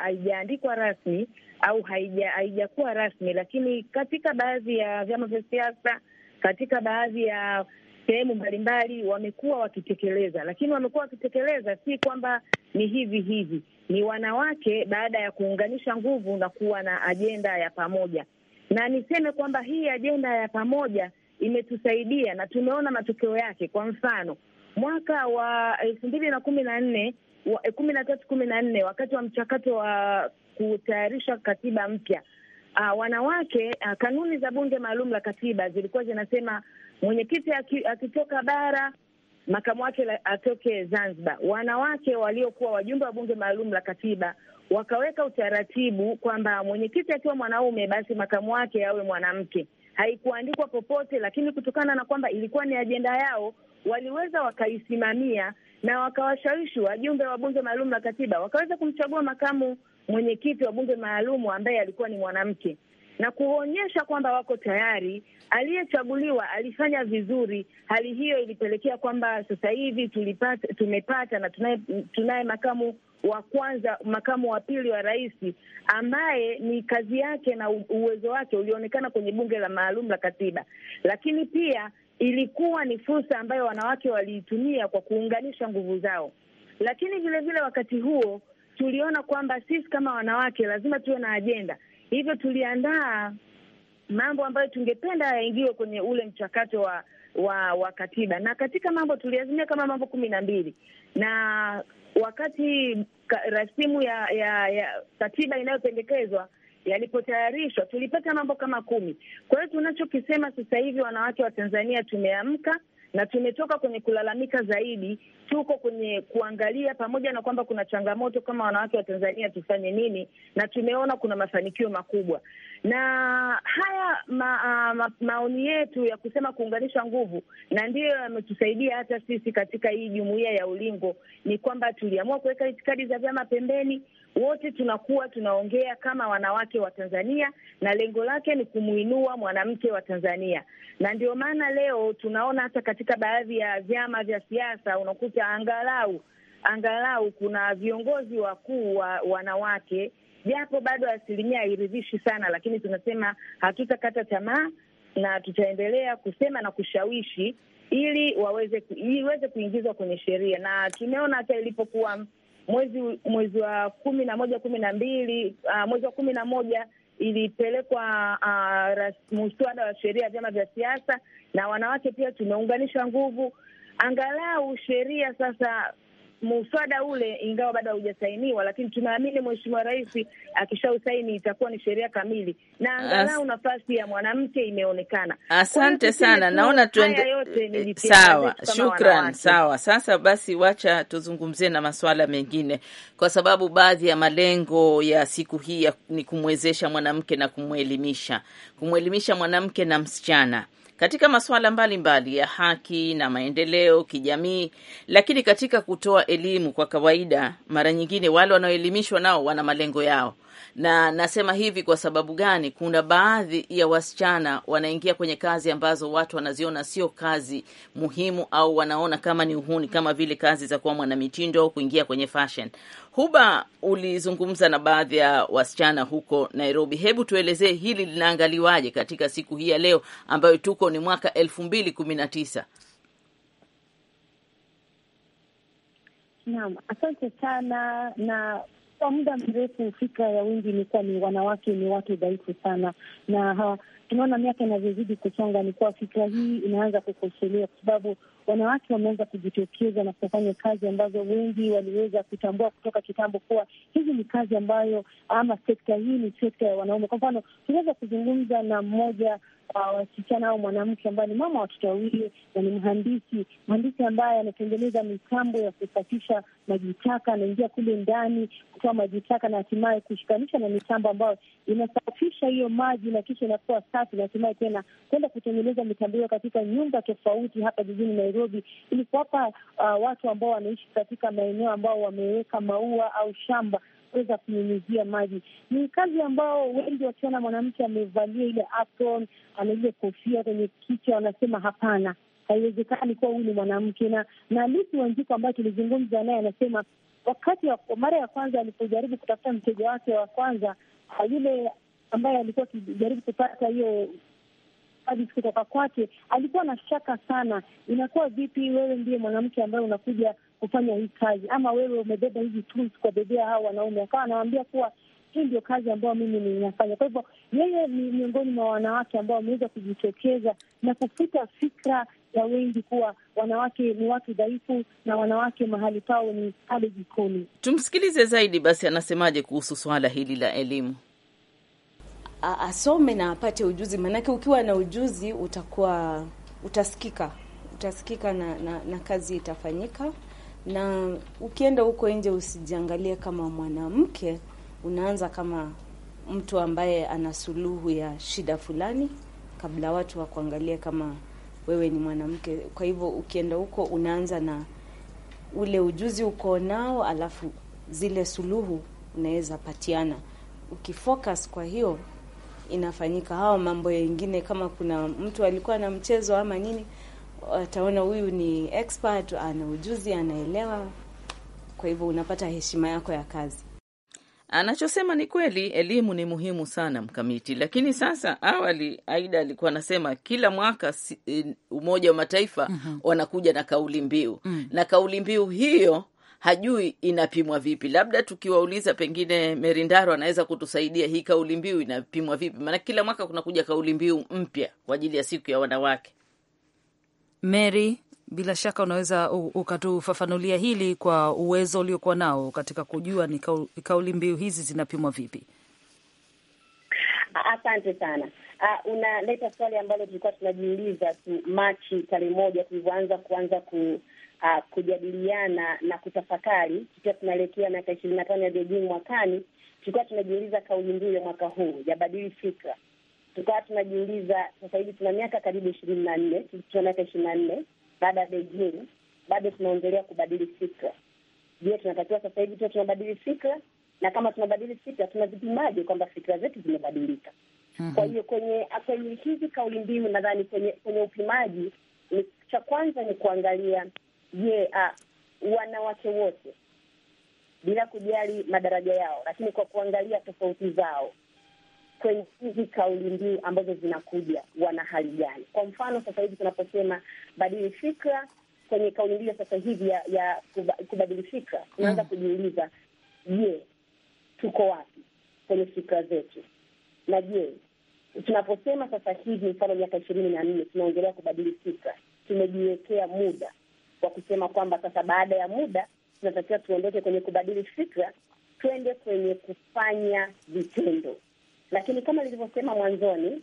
haijaandikwa haija, haija rasmi au haijakuwa haija rasmi, lakini katika baadhi ya vyama vya siasa, katika baadhi ya sehemu mbalimbali wamekuwa wakitekeleza, lakini wamekuwa wakitekeleza, si kwamba ni hivi hivi. Ni wanawake baada ya kuunganisha nguvu na kuwa na ajenda ya pamoja, na niseme kwamba hii ajenda ya pamoja imetusaidia na tumeona matokeo yake. Kwa mfano, mwaka wa elfu mbili na kumi na nne eh, kumi na tatu kumi na nne wakati wa mchakato wa kutayarisha katiba mpya uh, wanawake uh, kanuni za bunge maalum la katiba zilikuwa zinasema mwenyekiti akitoka bara makamu wake atoke Zanzibar. Wanawake waliokuwa wajumbe wa bunge maalum la katiba wakaweka utaratibu kwamba mwenyekiti akiwa mwanaume, basi makamu wake awe mwanamke. Haikuandikwa popote, lakini kutokana na kwamba ilikuwa ni ajenda yao, waliweza wakaisimamia na wakawashawishi wajumbe wa bunge maalum la katiba, wakaweza kumchagua makamu mwenyekiti wa bunge maalum ambaye alikuwa ni mwanamke na kuonyesha kwamba wako tayari. Aliyechaguliwa alifanya vizuri. Hali hiyo ilipelekea kwamba sasa hivi tulipata, tumepata na tunaye, tunaye makamu wa kwanza, makamu wa pili wa rais ambaye ni kazi yake na uwezo wake ulionekana kwenye bunge la maalum la katiba, lakini pia ilikuwa ni fursa ambayo wanawake waliitumia kwa kuunganisha nguvu zao, lakini vile vile wakati huo tuliona kwamba sisi kama wanawake lazima tuwe na ajenda, hivyo tuliandaa mambo ambayo tungependa yaingiwe kwenye ule mchakato wa wa wa katiba, na katika mambo tuliazimia kama mambo kumi na mbili na wakati ka, rasimu ya, ya, ya katiba inayopendekezwa yalipotayarishwa tulipata mambo kama kumi. Kwa hiyo tunachokisema sasa hivi, wanawake wa Tanzania tumeamka na tumetoka kwenye kulalamika zaidi, tuko kwenye kuangalia, pamoja na kwamba kuna changamoto kama wanawake wa Tanzania tufanye nini, na tumeona kuna mafanikio makubwa. Na haya ma, ma, maoni yetu ya kusema kuunganisha nguvu, na ndiyo yametusaidia hata sisi katika hii jumuiya ya Ulingo, ni kwamba tuliamua kuweka itikadi za vyama pembeni wote tunakuwa tunaongea kama wanawake wa Tanzania, na lengo lake ni kumuinua mwanamke wa Tanzania. Na ndio maana leo tunaona hata katika baadhi ya vyama vya siasa unakuta angalau angalau kuna viongozi wakuu wa wanawake, japo bado asilimia hairidhishi sana, lakini tunasema hatutakata tamaa na tutaendelea kusema na kushawishi ili waweze iweze kuingizwa kwenye sheria, na tumeona hata ilipokuwa mwezi mwezi wa kumi na moja kumi na mbili uh, mwezi wa kumi na moja ilipelekwa uh, muswada wa sheria ya vyama vya siasa, na wanawake pia tumeunganisha nguvu, angalau sheria sasa muswada ule ingawa bado haujasainiwa, lakini tunaamini Mheshimiwa Rais akishausaini itakuwa ni sheria kamili na angalau As... nafasi ya mwanamke imeonekana. Asante sana, naona tuende eh, sawa. Shukran, sawa. Sasa basi, wacha tuzungumzie na masuala mengine, kwa sababu baadhi ya malengo ya siku hii ni kumwezesha mwanamke na kumwelimisha, kumwelimisha mwanamke na msichana katika masuala mbalimbali ya haki na maendeleo kijamii, lakini katika kutoa elimu kwa kawaida, mara nyingine wale wanaoelimishwa nao wana malengo yao na nasema hivi kwa sababu gani? Kuna baadhi ya wasichana wanaingia kwenye kazi ambazo watu wanaziona sio kazi muhimu, au wanaona kama ni uhuni, kama vile kazi za kuwa mwanamitindo au kuingia kwenye fashion. Huba, ulizungumza na baadhi ya wasichana huko Nairobi, hebu tuelezee hili linaangaliwaje katika siku hii ya leo ambayo tuko ni mwaka elfu mbili kumi na tisa? Naam, asante sana na kwa muda mrefu, fikra ya wengi imekuwa ni wanawake ni watu dhaifu sana, na tunaona miaka inavyozidi kusonga, ni kuwa fikira hii inaanza kukosolewa, kwa sababu wanawake wameanza kujitokeza na kufanya kazi ambazo wengi waliweza kutambua kutoka kitambo kuwa hizi ni kazi ambayo, ama sekta hii ni sekta ya wanaume. Kwa mfano, tunaweza kuzungumza na mmoja wasichana au mwanamke ambaye ni mama watoto wawili na ni mhandisi, mhandisi ambaye anatengeneza mitambo ya kusafisha majitaka, anaingia kule ndani kutoa majitaka na hatimaye kushikanisha na mitambo ambayo inasafisha hiyo maji na kisha inakuwa tatu na hatimaye tena kwenda kutengeneza mitandao katika nyumba tofauti hapa jijini Nairobi, ili kuwapa uh, watu ambao wanaishi katika maeneo ambao wameweka maua au shamba kuweza kunyunyizia maji. Ni kazi ambao wengi wakiona mwanamke amevalia ile apron, ana ile kofia kwenye kichwa, wanasema hapana, haiwezekani kuwa huyu ni mwanamke. Na na Lisi Wanjiko ambayo tulizungumza naye anasema wakati wa mara ya kwanza alipojaribu kutafuta mteja wake wa kwanza, uh, yule ambaye alikuwa akijaribu kupata hiyo kutoka kwake, alikuwa na shaka sana. Inakuwa vipi wewe ndiye mwanamke ambaye unakuja kufanya hii kazi, ama wewe umebeba hizi tools kwa hao wanaume? Akawa anawambia kuwa hii ndio kazi ambayo mimi ninafanya. Kwa hivyo yeye ni miongoni mwa wanawake ambao wameweza kujitokeza na kufuta fikra ya wengi kuwa wanawake ni watu dhaifu na wanawake mahali pao ni pale jikoni. Tumsikilize zaidi basi, anasemaje kuhusu swala hili la elimu asome na apate ujuzi, maanake ukiwa na ujuzi utakuwa utasikika, utasikika na, na, na kazi itafanyika. Na ukienda huko nje usijiangalie kama mwanamke, unaanza kama mtu ambaye ana suluhu ya shida fulani, kabla watu wakuangalie kama wewe ni mwanamke. Kwa hivyo ukienda huko unaanza na ule ujuzi uko nao, alafu zile suluhu unaweza patiana ukifocus. Kwa hiyo inafanyika. Hawa mambo yengine kama kuna mtu alikuwa na mchezo ama nini, wataona huyu ni expert, ana ujuzi, anaelewa. Kwa hivyo unapata heshima yako ya kazi. Anachosema ni kweli, elimu ni muhimu sana mkamiti. Lakini sasa, awali Aida alikuwa anasema kila mwaka eh, Umoja wa Mataifa mm -hmm. wanakuja na kauli mbiu mm -hmm. na kauli mbiu hiyo hajui inapimwa vipi. Labda tukiwauliza, pengine Merindaro anaweza kutusaidia hii kauli mbiu inapimwa vipi, maana kila mwaka kunakuja kauli mbiu mpya kwa ajili ya siku ya wanawake. Mary, bila shaka unaweza ukatufafanulia hili kwa uwezo uliokuwa nao katika kujua ni kauli mbiu hizi zinapimwa vipi. Asante sana. Uh, unaleta swali ambalo tulikuwa tunajiuliza tu Machi tarehe moja tulivyoanza kuanza ku uh, kujadiliana na kutafakari, tukiwa tunaelekea miaka ishirini na tano ya Beijing mwakani, tukiwa tunajiuliza kauli mbiu ya mwaka huu yabadili fikra. Tukawa tunajiuliza sasa hivi tuna miaka karibu ishirini na nne tuna miaka ishirini na nne baada ya Beijing, bado tunaongelea kubadili fikra. Je, tunatakiwa sasa hivi tuwe tunabadili fikra? Na kama tunabadili fikra, tunazipimaje kwamba fikra zetu zimebadilika? Mm -hmm. Kwa hiyo kwenye kwenye hizi kauli mbiu, nadhani kwenye kwenye upimaji, cha kwanza ni kuangalia je, uh, wanawake wote bila kujali madaraja yao, lakini kwa kuangalia tofauti zao kwenye hizi kauli mbiu ambazo zinakuja, wana hali gani? Kwa mfano sasa hivi tunaposema badili fikra, kwenye kauli mbiu sasa hivi ya, ya kubadili fikra tunaanza mm, kujiuliza je, tuko wapi kwenye fikra zetu? Na je tunaposema sasa hivi mfano miaka ishirini na nne tunaongelea kubadili fikra, tumejiwekea muda wa kusema kwamba sasa baada ya muda tunatakiwa tuondoke kwenye kubadili fikra, twende kwenye kufanya vitendo. Lakini kama nilivyosema mwanzoni,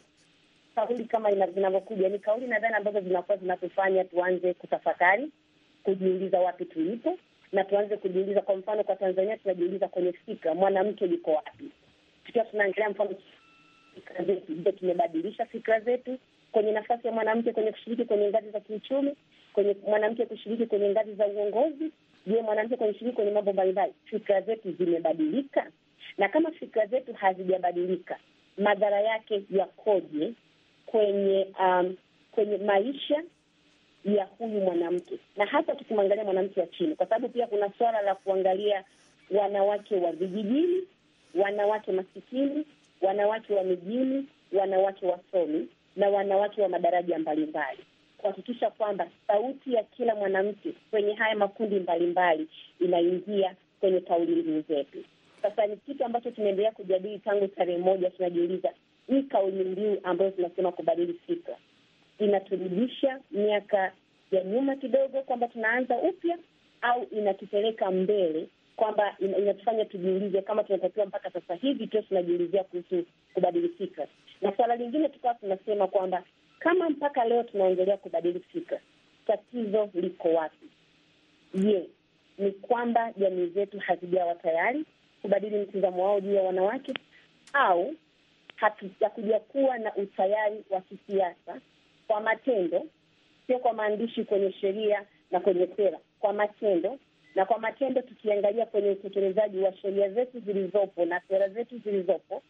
kauli kama zinavyokuja ni kauli nadhani ambazo zinakuwa zinatufanya tuanze kutafakari, kujiuliza wapi tulipo, na tuanze kujiuliza. Kwa mfano, kwa Tanzania tunajiuliza kwenye fikra, mwanamke yuko wapi? Tukiwa tunaangalia mfano fikra zetu, je, tumebadilisha fikra zetu? kwenye nafasi ya mwanamke kwenye kushiriki kwenye ngazi za kiuchumi, kwenye mwanamke kushiriki kwenye ngazi za uongozi. Je, mwanamke kushiriki kwenye mambo mbalimbali? Fikra zetu zimebadilika, na kama fikra zetu hazijabadilika, madhara yake yakoje kwenye um, kwenye maisha ya huyu mwanamke, na hasa tukimwangalia mwanamke wa chini, kwa sababu pia kuna suala la kuangalia wanawake wa vijijini, wanawake masikini, wanawake wa mijini, wanawake wasomi na wanawake wa madaraja mbalimbali kuhakikisha kwamba sauti ya kila mwanamke kwenye haya makundi mbalimbali inaingia kwenye kauli mbiu zetu. Sasa ni kitu ambacho tunaendelea kujadili tangu tarehe moja. Tunajiuliza, hii kauli mbiu ambayo tunasema kubadili fikra inaturudisha miaka ya nyuma kidogo, kwamba tunaanza upya, au inatupeleka mbele kwamba inatufanya tujiulize kama tunatakiwa mpaka sasa hivi tuwe tunajiulizia kuhusu kubadili fikra. Na suala lingine tukawa tunasema kwamba kama mpaka leo tunaongelea kubadili fikra, tatizo liko wapi? Je, ni kwamba jamii zetu hazijawa tayari kubadili mtizamo wao juu ya wanawake, au hatujakuja kuwa na utayari wa kisiasa kwa matendo, sio kwa maandishi kwenye sheria na kwenye sera, kwa matendo na kwa matendo, tukiangalia kwenye utekelezaji wa sheria zetu zilizopo na sera zetu zilizopo,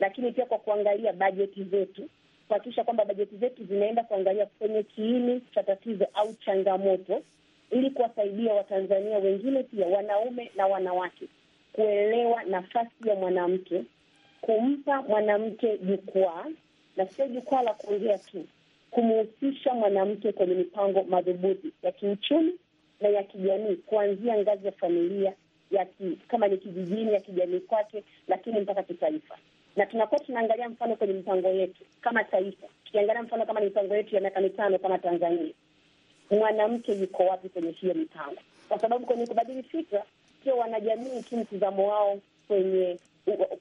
lakini pia kwa kuangalia bajeti zetu, kuhakikisha kwamba bajeti zetu zinaenda kuangalia kwenye kiini cha tatizo au changamoto, ili kuwasaidia Watanzania wengine pia wanaume na wanawake kuelewa nafasi ya mwanamke, kumpa mwanamke jukwaa na sio jukwaa la kuongea tu, kumhusisha mwanamke kwenye mipango madhubuti ya kiuchumi na ya kijamii kuanzia ngazi ya familia ya ki, kama ni kijijini ya kijamii kwake, lakini mpaka kitaifa. Na tunakuwa tunaangalia mfano kwenye mipango yetu kama taifa, tukiangalia mfano kama ni mipango yetu ya miaka mitano kama Tanzania, mwanamke yuko wapi kwenye hiyo mipango? Kwa sababu kwenye kubadili fikra sio wanajamii tu mtizamo wao kwenye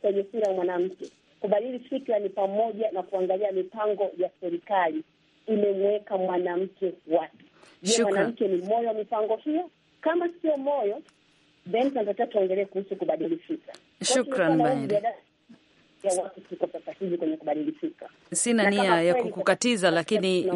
kwenye sura ya mwanamke. Kubadili fikra ni pamoja na kuangalia mipango ya serikali imemweka mwanamke wapi Je, mwanamke ni moyo wa mipango hiyo? Kama sio moyo, then tunatakiwa tuongelee kuhusu kubadili fikra. Shukran baida ya watu tuko sasa hivi kwenye kubadili fikra. Sina nia ya kukukatiza lakini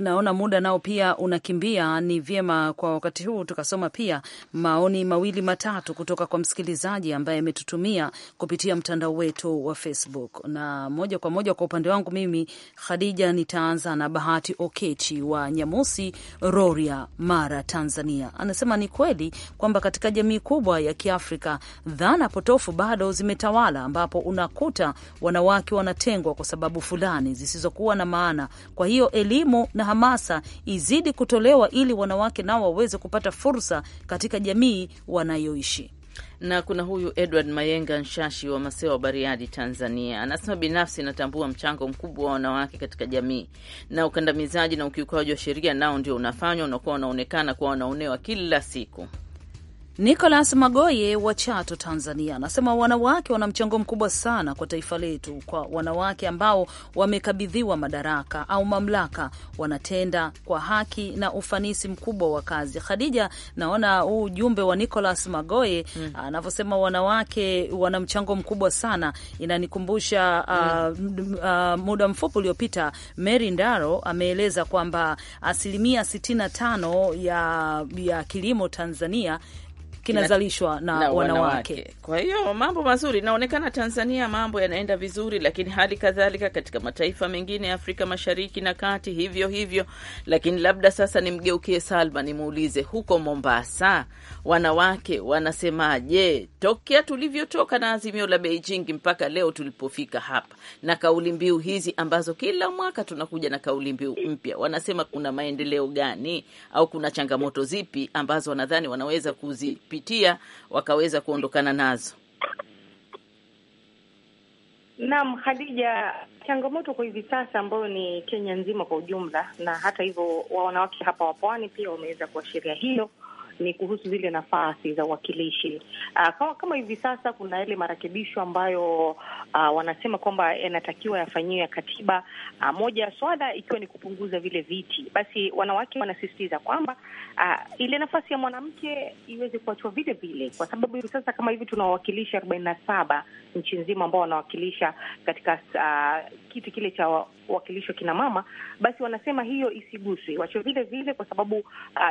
Naona muda nao pia unakimbia. Ni vyema kwa wakati huu tukasoma pia maoni mawili matatu kutoka kwa msikilizaji ambaye ametutumia kupitia mtandao wetu wa Facebook. Na moja kwa moja kwa upande wangu mimi Khadija, nitaanza na Bahati Okechi wa Nyamusi, roria Mara, Tanzania. Anasema ni kweli kwamba katika jamii kubwa ya Kiafrika dhana potofu bado zimetawala, ambapo unakuta wanawake wanatengwa kwa sababu fulani zisizokuwa na maana. Kwa hiyo elimu na hamasa izidi kutolewa ili wanawake nao waweze kupata fursa katika jamii wanayoishi na kuna huyu Edward Mayenga Nshashi wa Masewa, Bariadi, Tanzania, anasema binafsi inatambua mchango mkubwa wa wanawake katika jamii, na ukandamizaji na ukiukaji wa sheria nao ndio unafanywa, unakuwa unaonekana kuwa wanaonewa kila siku nicolas Magoye wa Chato, Tanzania, anasema wanawake wana mchango mkubwa sana kwa taifa letu. Kwa wanawake ambao wamekabidhiwa madaraka au mamlaka, wanatenda kwa haki na ufanisi mkubwa wa kazi. Khadija, naona huu ujumbe wa nicolas Magoye mm. anavyosema wanawake wana mchango mkubwa sana inanikumbusha uh, mm. uh, uh, muda mfupi uliopita Mary Ndaro ameeleza kwamba asilimia 65 ya, ya kilimo Tanzania kinazalishwa na, na wanawake. Kwa hiyo mambo mazuri, inaonekana Tanzania mambo yanaenda vizuri, lakini hali kadhalika katika mataifa mengine ya Afrika Mashariki na Kati hivyo hivyo. Lakini labda sasa nimgeukie Salma nimuulize, huko Mombasa wanawake wanasemaje tokea tulivyotoka na azimio la Beijing mpaka leo tulipofika hapa na kauli mbiu hizi ambazo kila mwaka tunakuja na kauli mbiu mpya, wanasema kuna maendeleo gani au kuna changamoto zipi ambazo wanadhani wanaweza kuzipi wanapitia wakaweza kuondokana nazo? Naam, Khadija, changamoto kwa hivi sasa ambayo ni Kenya nzima kwa ujumla, na hata hivyo wanawake hapa wa pwani pia wameweza kuashiria hilo ni kuhusu zile nafasi za uwakilishi. Ah, kama, kama hivi sasa kuna yale marekebisho ambayo uh, wanasema kwamba yanatakiwa yafanyiwe ya katiba uh, moja ya swala ikiwa ni kupunguza vile viti, basi wanawake wanasisitiza kwamba uh, ile nafasi ya mwanamke iweze kuachwa vile vile, kwa sababu hivi sasa kama hivi tuna wawakilishi arobaini na saba nchi nzima ambao wanawakilisha katika uh, kiti kile cha wakilisho kina mama, basi wanasema hiyo isiguswe, wacho vile vile, kwa sababu uh,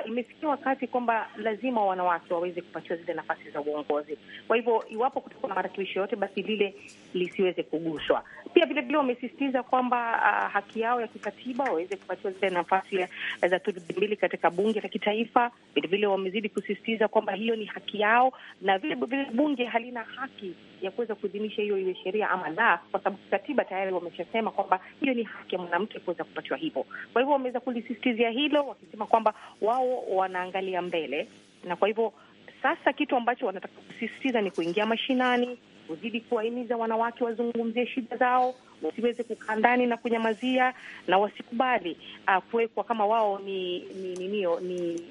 imefikia wakati kwamba lazima wanawake waweze kupatiwa zile nafasi za uongozi. Kwa hivyo iwapo kutakuwa na marekebisho yote, basi lile lisiweze kuguswa. Pia vile vile wamesisitiza kwamba uh, haki yao ya kikatiba waweze kupatiwa zile nafasi za theluthi mbili katika bunge la kitaifa. vile wamezidi kusisitiza kwamba hiyo ni haki yao, na vile vile bunge halina haki ya kuweza kuidhinisha hiyo iwe sheria ama la, kwa sababu katiba tayari wameshasema kwamba hiyo ni haki ya mwanamke kuweza kupatiwa hivyo. Kwa hivyo wameweza kulisisitizia hilo, wakisema kwamba wao wanaangalia mbele, na kwa hivyo sasa kitu ambacho wanataka kusisitiza ni kuingia mashinani, kuzidi kuwahimiza wanawake wazungumzie shida zao, wasiweze kukaa ndani na kunyamazia, na wasikubali uh, kuwekwa kama wao ni ni, ni, ni, ni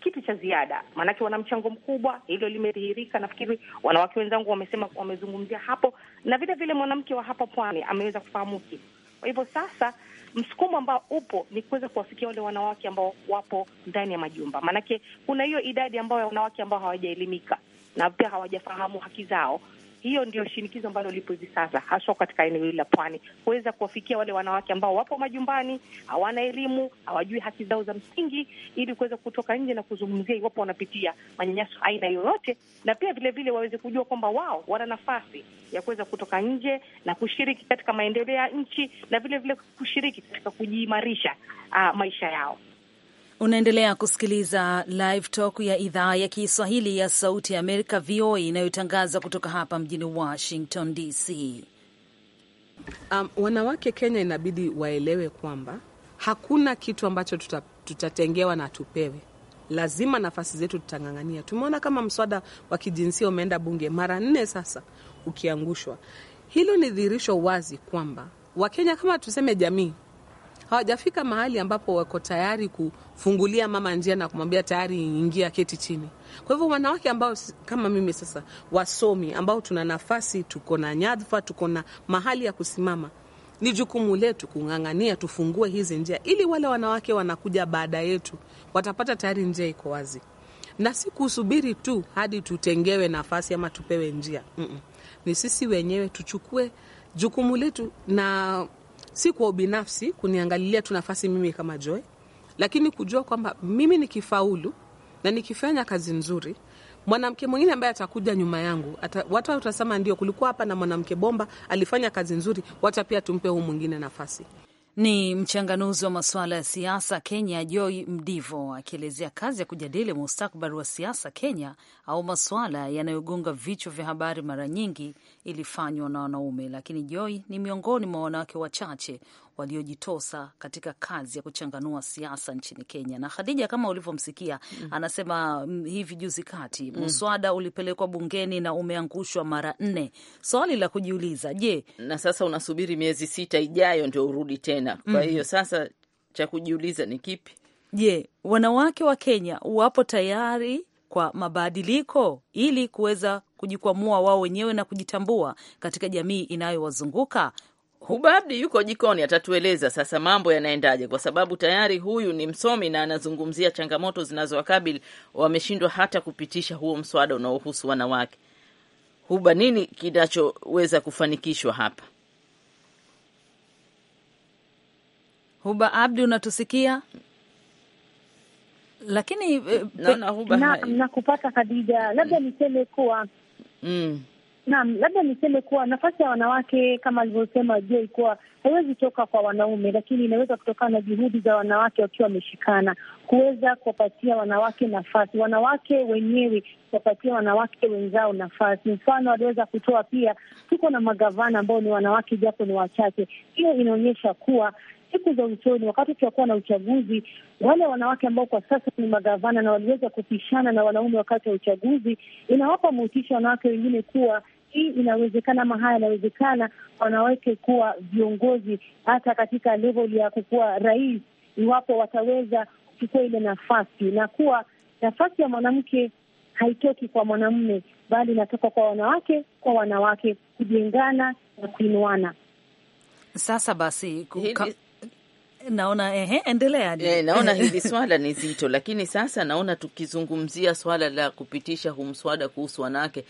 kitu cha ziada, maanake wana mchango mkubwa, hilo limedhihirika. Nafikiri wanawake wenzangu wamesema, wamezungumzia hapo, na vile vile mwanamke wa hapa pwani ameweza kufahamu Kwa hivyo sasa msukumo ambao upo ni kuweza kuwafikia wale wanawake ambao wapo ndani ya majumba, maanake kuna hiyo idadi ambayo ya wanawake ambao hawajaelimika na pia hawajafahamu haki zao. Hiyo ndio shinikizo ambalo lipo hivi sasa, haswa katika eneo hili la pwani, kuweza kuwafikia wale wanawake ambao wapo majumbani, hawana elimu, hawajui haki zao za msingi, ili kuweza kutoka nje na kuzungumzia iwapo wanapitia manyanyaso aina yoyote, na pia vilevile waweze kujua kwamba wao wana nafasi ya kuweza kutoka nje na kushiriki katika maendeleo ya nchi na vilevile kushiriki katika kujiimarisha uh, maisha yao. Unaendelea kusikiliza Live Talk ya idhaa ya Kiswahili ya Sauti ya Amerika, VOA, inayotangaza kutoka hapa mjini Washington DC. Um, wanawake Kenya inabidi waelewe kwamba hakuna kitu ambacho tuta, tutatengewa na tupewe. Lazima nafasi zetu tutang'ang'ania. Tumeona kama mswada wa kijinsia umeenda bunge mara nne sasa ukiangushwa. Hilo ni dhihirisho wazi kwamba Wakenya kama tuseme jamii hawajafika mahali ambapo wako tayari kufungulia mama njia na kumwambia tayari ingia, keti chini. Kwa hivyo wanawake ambao kama mimi sasa, wasomi ambao tuna nafasi, tuko na nyadhifa, tuko na mahali ya kusimama ni jukumu letu kung'ang'ania tufungue hizi njia, ili wale wanawake wanakuja baada yetu watapata tayari njia iko wazi, na si kusubiri tu hadi tutengewe nafasi ama tupewe njia. Mm-mm. Ni sisi wenyewe tuchukue jukumu letu, na si kwa ubinafsi kuniangalilia tu nafasi mimi kama Joy, lakini kujua kwamba mimi nikifaulu na nikifanya kazi nzuri, mwanamke mwingine ambaye atakuja nyuma yangu ata, watu watasema ndio kulikuwa hapa na mwanamke bomba alifanya kazi nzuri, wacha pia tumpe huu mwingine nafasi. Ni mchanganuzi wa masuala ya siasa Kenya, Joy Mdivo akielezea kazi ya kujadili mustakbali wa siasa Kenya au masuala yanayogonga vichwa vya habari mara nyingi ilifanywa na wanaume, lakini Joy ni miongoni mwa wanawake wachache waliojitosa katika kazi ya kuchanganua siasa nchini Kenya. Na Khadija, kama ulivyomsikia, mm-hmm. mm. anasema hivi juzi kati mswada mm. ulipelekwa bungeni na umeangushwa mara nne. Swali la kujiuliza, je, na sasa unasubiri miezi sita ijayo ndio urudi tena? Kwa mm-hmm. hiyo mm. sasa cha kujiuliza ni kipi? Je, wanawake wa Kenya wapo tayari kwa mabadiliko ili kuweza kujikwamua wao wenyewe na kujitambua katika jamii inayowazunguka? Hubabdi yuko jikoni, atatueleza sasa mambo yanaendaje, kwa sababu tayari huyu ni msomi na anazungumzia changamoto zinazowakabili. Wameshindwa hata kupitisha huo mswada unaohusu wanawake. Huba, nini kinachoweza kufanikishwa hapa? Huba Abdi, unatusikia? Lakini eh, nakupata na Khadija, labda mm. niseme kuwa mm. Naam, labda niseme kuwa nafasi ya wanawake kama alivyosema Jay kuwa haiwezi toka kwa wanaume, lakini inaweza kutokana na juhudi za wanawake wakiwa wameshikana kuweza kuwapatia wanawake nafasi, wanawake wenyewe kuwapatia wanawake wenzao nafasi. Mfano waliweza kutoa pia, tuko na magavana ambao ni wanawake japo ni wachache. Hiyo inaonyesha kuwa siku za usoni, wakati tutakuwa na uchaguzi, wale wanawake ambao kwa sasa ni magavana na waliweza kupishana na wanaume wakati wa uchaguzi, inawapa motisha wanawake wengine kuwa hii inawezekana ama haya yanawezekana wanawake kuwa viongozi hata katika level ya kukuwa rais, iwapo wataweza kuchukua ile nafasi na kuwa nafasi ya mwanamke haitoki kwa mwanamume, bali inatoka kwa wanawake kwa wanawake, kujengana na kuinuana. Sasa basi kuka... Naona ehe, endelea. E, naona hili swala ni zito, lakini sasa naona tukizungumzia swala la kupitisha huu mswada kuhusu wanawake,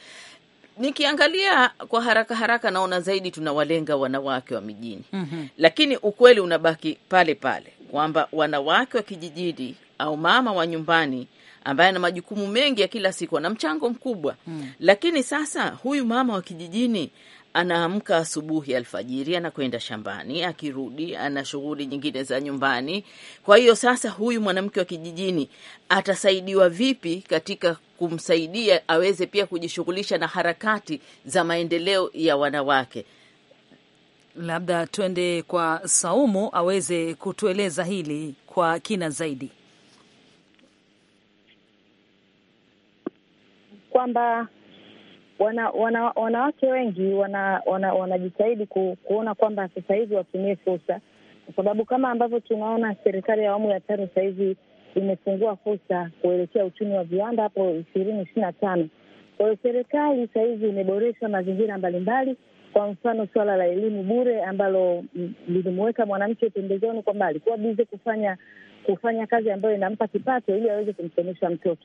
nikiangalia kwa haraka haraka naona zaidi tunawalenga wanawake wa mijini mm -hmm. Lakini ukweli unabaki pale pale kwamba wanawake wa kijijini au mama wa nyumbani ambaye ana majukumu mengi ya kila siku, ana mchango mkubwa mm. Lakini sasa huyu mama wa kijijini anaamka asubuhi alfajiri, anakwenda shambani, akirudi ana shughuli nyingine za nyumbani. Kwa hiyo sasa, huyu mwanamke wa kijijini atasaidiwa vipi katika kumsaidia aweze pia kujishughulisha na harakati za maendeleo ya wanawake? Labda tuende kwa Saumu aweze kutueleza hili kwa kina zaidi, kwamba wana, wana, wanawake wengi wanajitahidi wana, wana kuona kwamba sasa hivi watumie fursa, kwa sababu kama ambavyo tunaona serikali ya awamu ya tano sasa hivi imefungua fursa kuelekea uchumi wa viwanda hapo ishirini ishiri na tano. Kwa hiyo serikali sasa hivi imeboresha mazingira mbalimbali kwa mfano suala la elimu bure ambalo lilimuweka mwanamke pembezoni kwamba alikuwa bize kufanya kufanya kazi ambayo inampa kipato ili aweze kumsomesha mtoto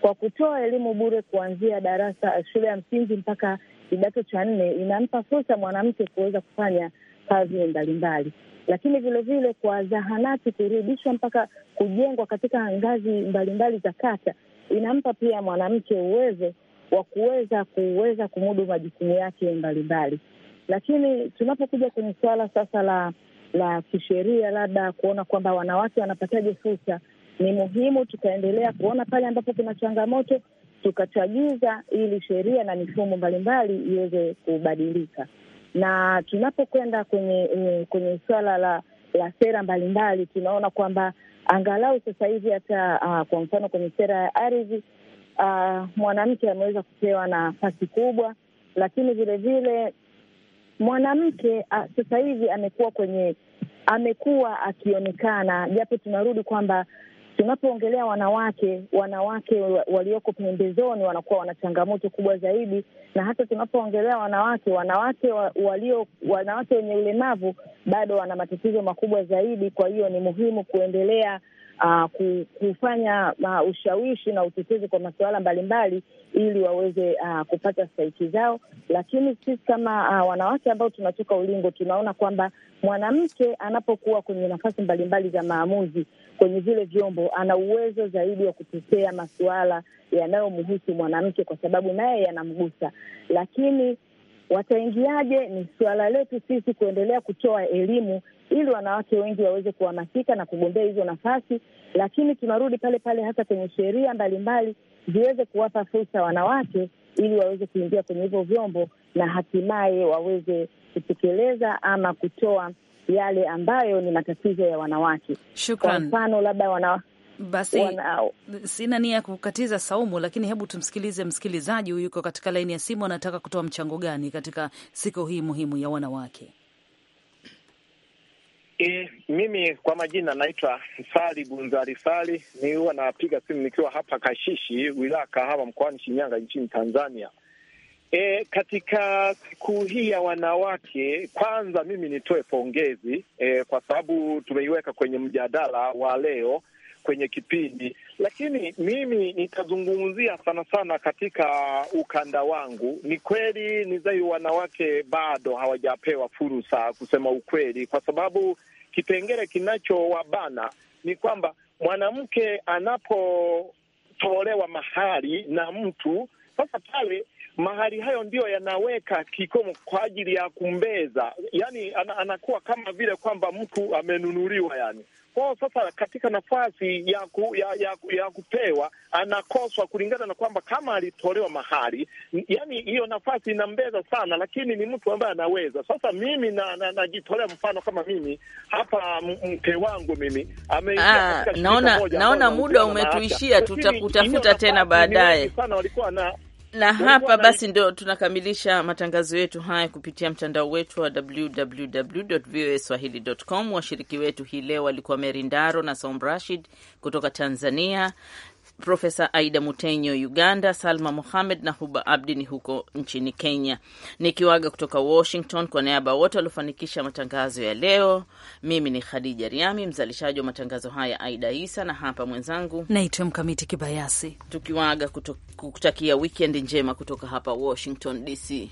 kwa kutoa elimu bure kuanzia darasa shule ya msingi mpaka kidato cha nne, inampa fursa mwanamke kuweza kufanya kazi mbalimbali, lakini vilevile kwa zahanati kurudishwa mpaka kujengwa katika ngazi mbalimbali za kata, inampa pia mwanamke uwezo wa kuweza kuweza kumudu majukumu yake mbalimbali. Lakini tunapokuja kwenye suala sasa la la kisheria, labda kuona kwamba wanawake wanapataje fursa ni muhimu tukaendelea kuona pale ambapo kuna changamoto tukachagiza, ili sheria na mifumo mbalimbali iweze kubadilika. Na tunapokwenda kwenye eh, kwenye suala la, la sera mbalimbali tunaona kwamba angalau sasa hivi hata uh, kwa mfano kwenye sera ya ardhi uh, mwanamke ameweza kupewa nafasi kubwa, lakini vilevile mwanamke uh, sasa hivi amekuwa kwenye amekuwa akionekana, japo tunarudi kwamba Tunapoongelea wanawake, wanawake walioko pembezoni wanakuwa wana changamoto kubwa zaidi, na hata tunapoongelea wanawake, wanawake walio wanawake wenye ulemavu bado wana matatizo makubwa zaidi. Kwa hiyo ni muhimu kuendelea uh, kufanya uh, ushawishi na utetezi kwa masuala mbalimbali ili waweze uh, kupata stahiki zao. Lakini sisi kama uh, wanawake ambao tunatoka ulingo, tunaona kwamba mwanamke anapokuwa kwenye nafasi mbalimbali za maamuzi kwenye vile vyombo, ana uwezo zaidi wa kutetea masuala yanayomhusu mwanamke, kwa sababu naye yanamgusa. Lakini wataingiaje? Ni suala letu sisi kuendelea kutoa elimu ili wanawake wengi waweze kuhamasika na kugombea hizo nafasi. Lakini tunarudi pale pale, hata kwenye sheria mbalimbali ziweze kuwapa fursa wanawake ili waweze kuingia kwenye hivyo vyombo na hatimaye waweze kutekeleza ama kutoa yale ambayo ni matatizo ya wanawake. Shukran. Kwa mfano labda wana basi Wanao. Sina nia ya kukatiza Saumu, lakini hebu tumsikilize msikilizaji huyu, yuko katika laini ya simu, anataka kutoa mchango gani katika siku hii muhimu ya wanawake. E, mimi kwa majina naitwa Sali Bunzari Sali, ni huwa napiga simu nikiwa hapa Kashishi, wilaya Kahawa, mkoani Shinyanga, nchini Tanzania. E, katika siku hii ya wanawake, kwanza mimi nitoe pongezi e, kwa sababu tumeiweka kwenye mjadala wa leo kwenye kipindi, lakini mimi nitazungumzia sana sana katika ukanda wangu. Ni kweli ni zai wanawake bado hawajapewa fursa, kusema ukweli, kwa sababu kipengele kinachowabana ni kwamba mwanamke anapotolewa mahali na mtu sasa, pale mahali hayo ndiyo yanaweka kikomo kwa ajili ya kumbeza, yani anakuwa kama vile kwamba mtu amenunuliwa, yani kwao. Sasa katika nafasi ya, ku, ya, ya, ya kupewa anakoswa kulingana na kwamba kama alitolewa mahali, yani hiyo nafasi inambeza sana, lakini ni mtu ambaye anaweza. Sasa mimi najitolea na, na mfano kama mimi hapa mke wangu mimi ameingia, ah, naona naona muda umetuishia, tutakutafuta tena baadaye sana walikuwa na na hapa basi ndo tunakamilisha matangazo yetu haya kupitia mtandao wetu wa www voa swahilicom Washiriki wetu hii leo walikuwa Meri Ndaro na Saum Rashid kutoka Tanzania, Profesa Aida Mutenyo Uganda, Salma Mohamed na Huba Abdi ni huko nchini Kenya. Nikiwaga kutoka Washington kwa niaba wote waliofanikisha matangazo ya leo, mimi ni Khadija Riami, mzalishaji wa matangazo haya Aida Isa, na hapa mwenzangu naitwa Mkamiti Kibayasi, tukiwaga kutakia wikendi njema kutoka hapa Washington DC.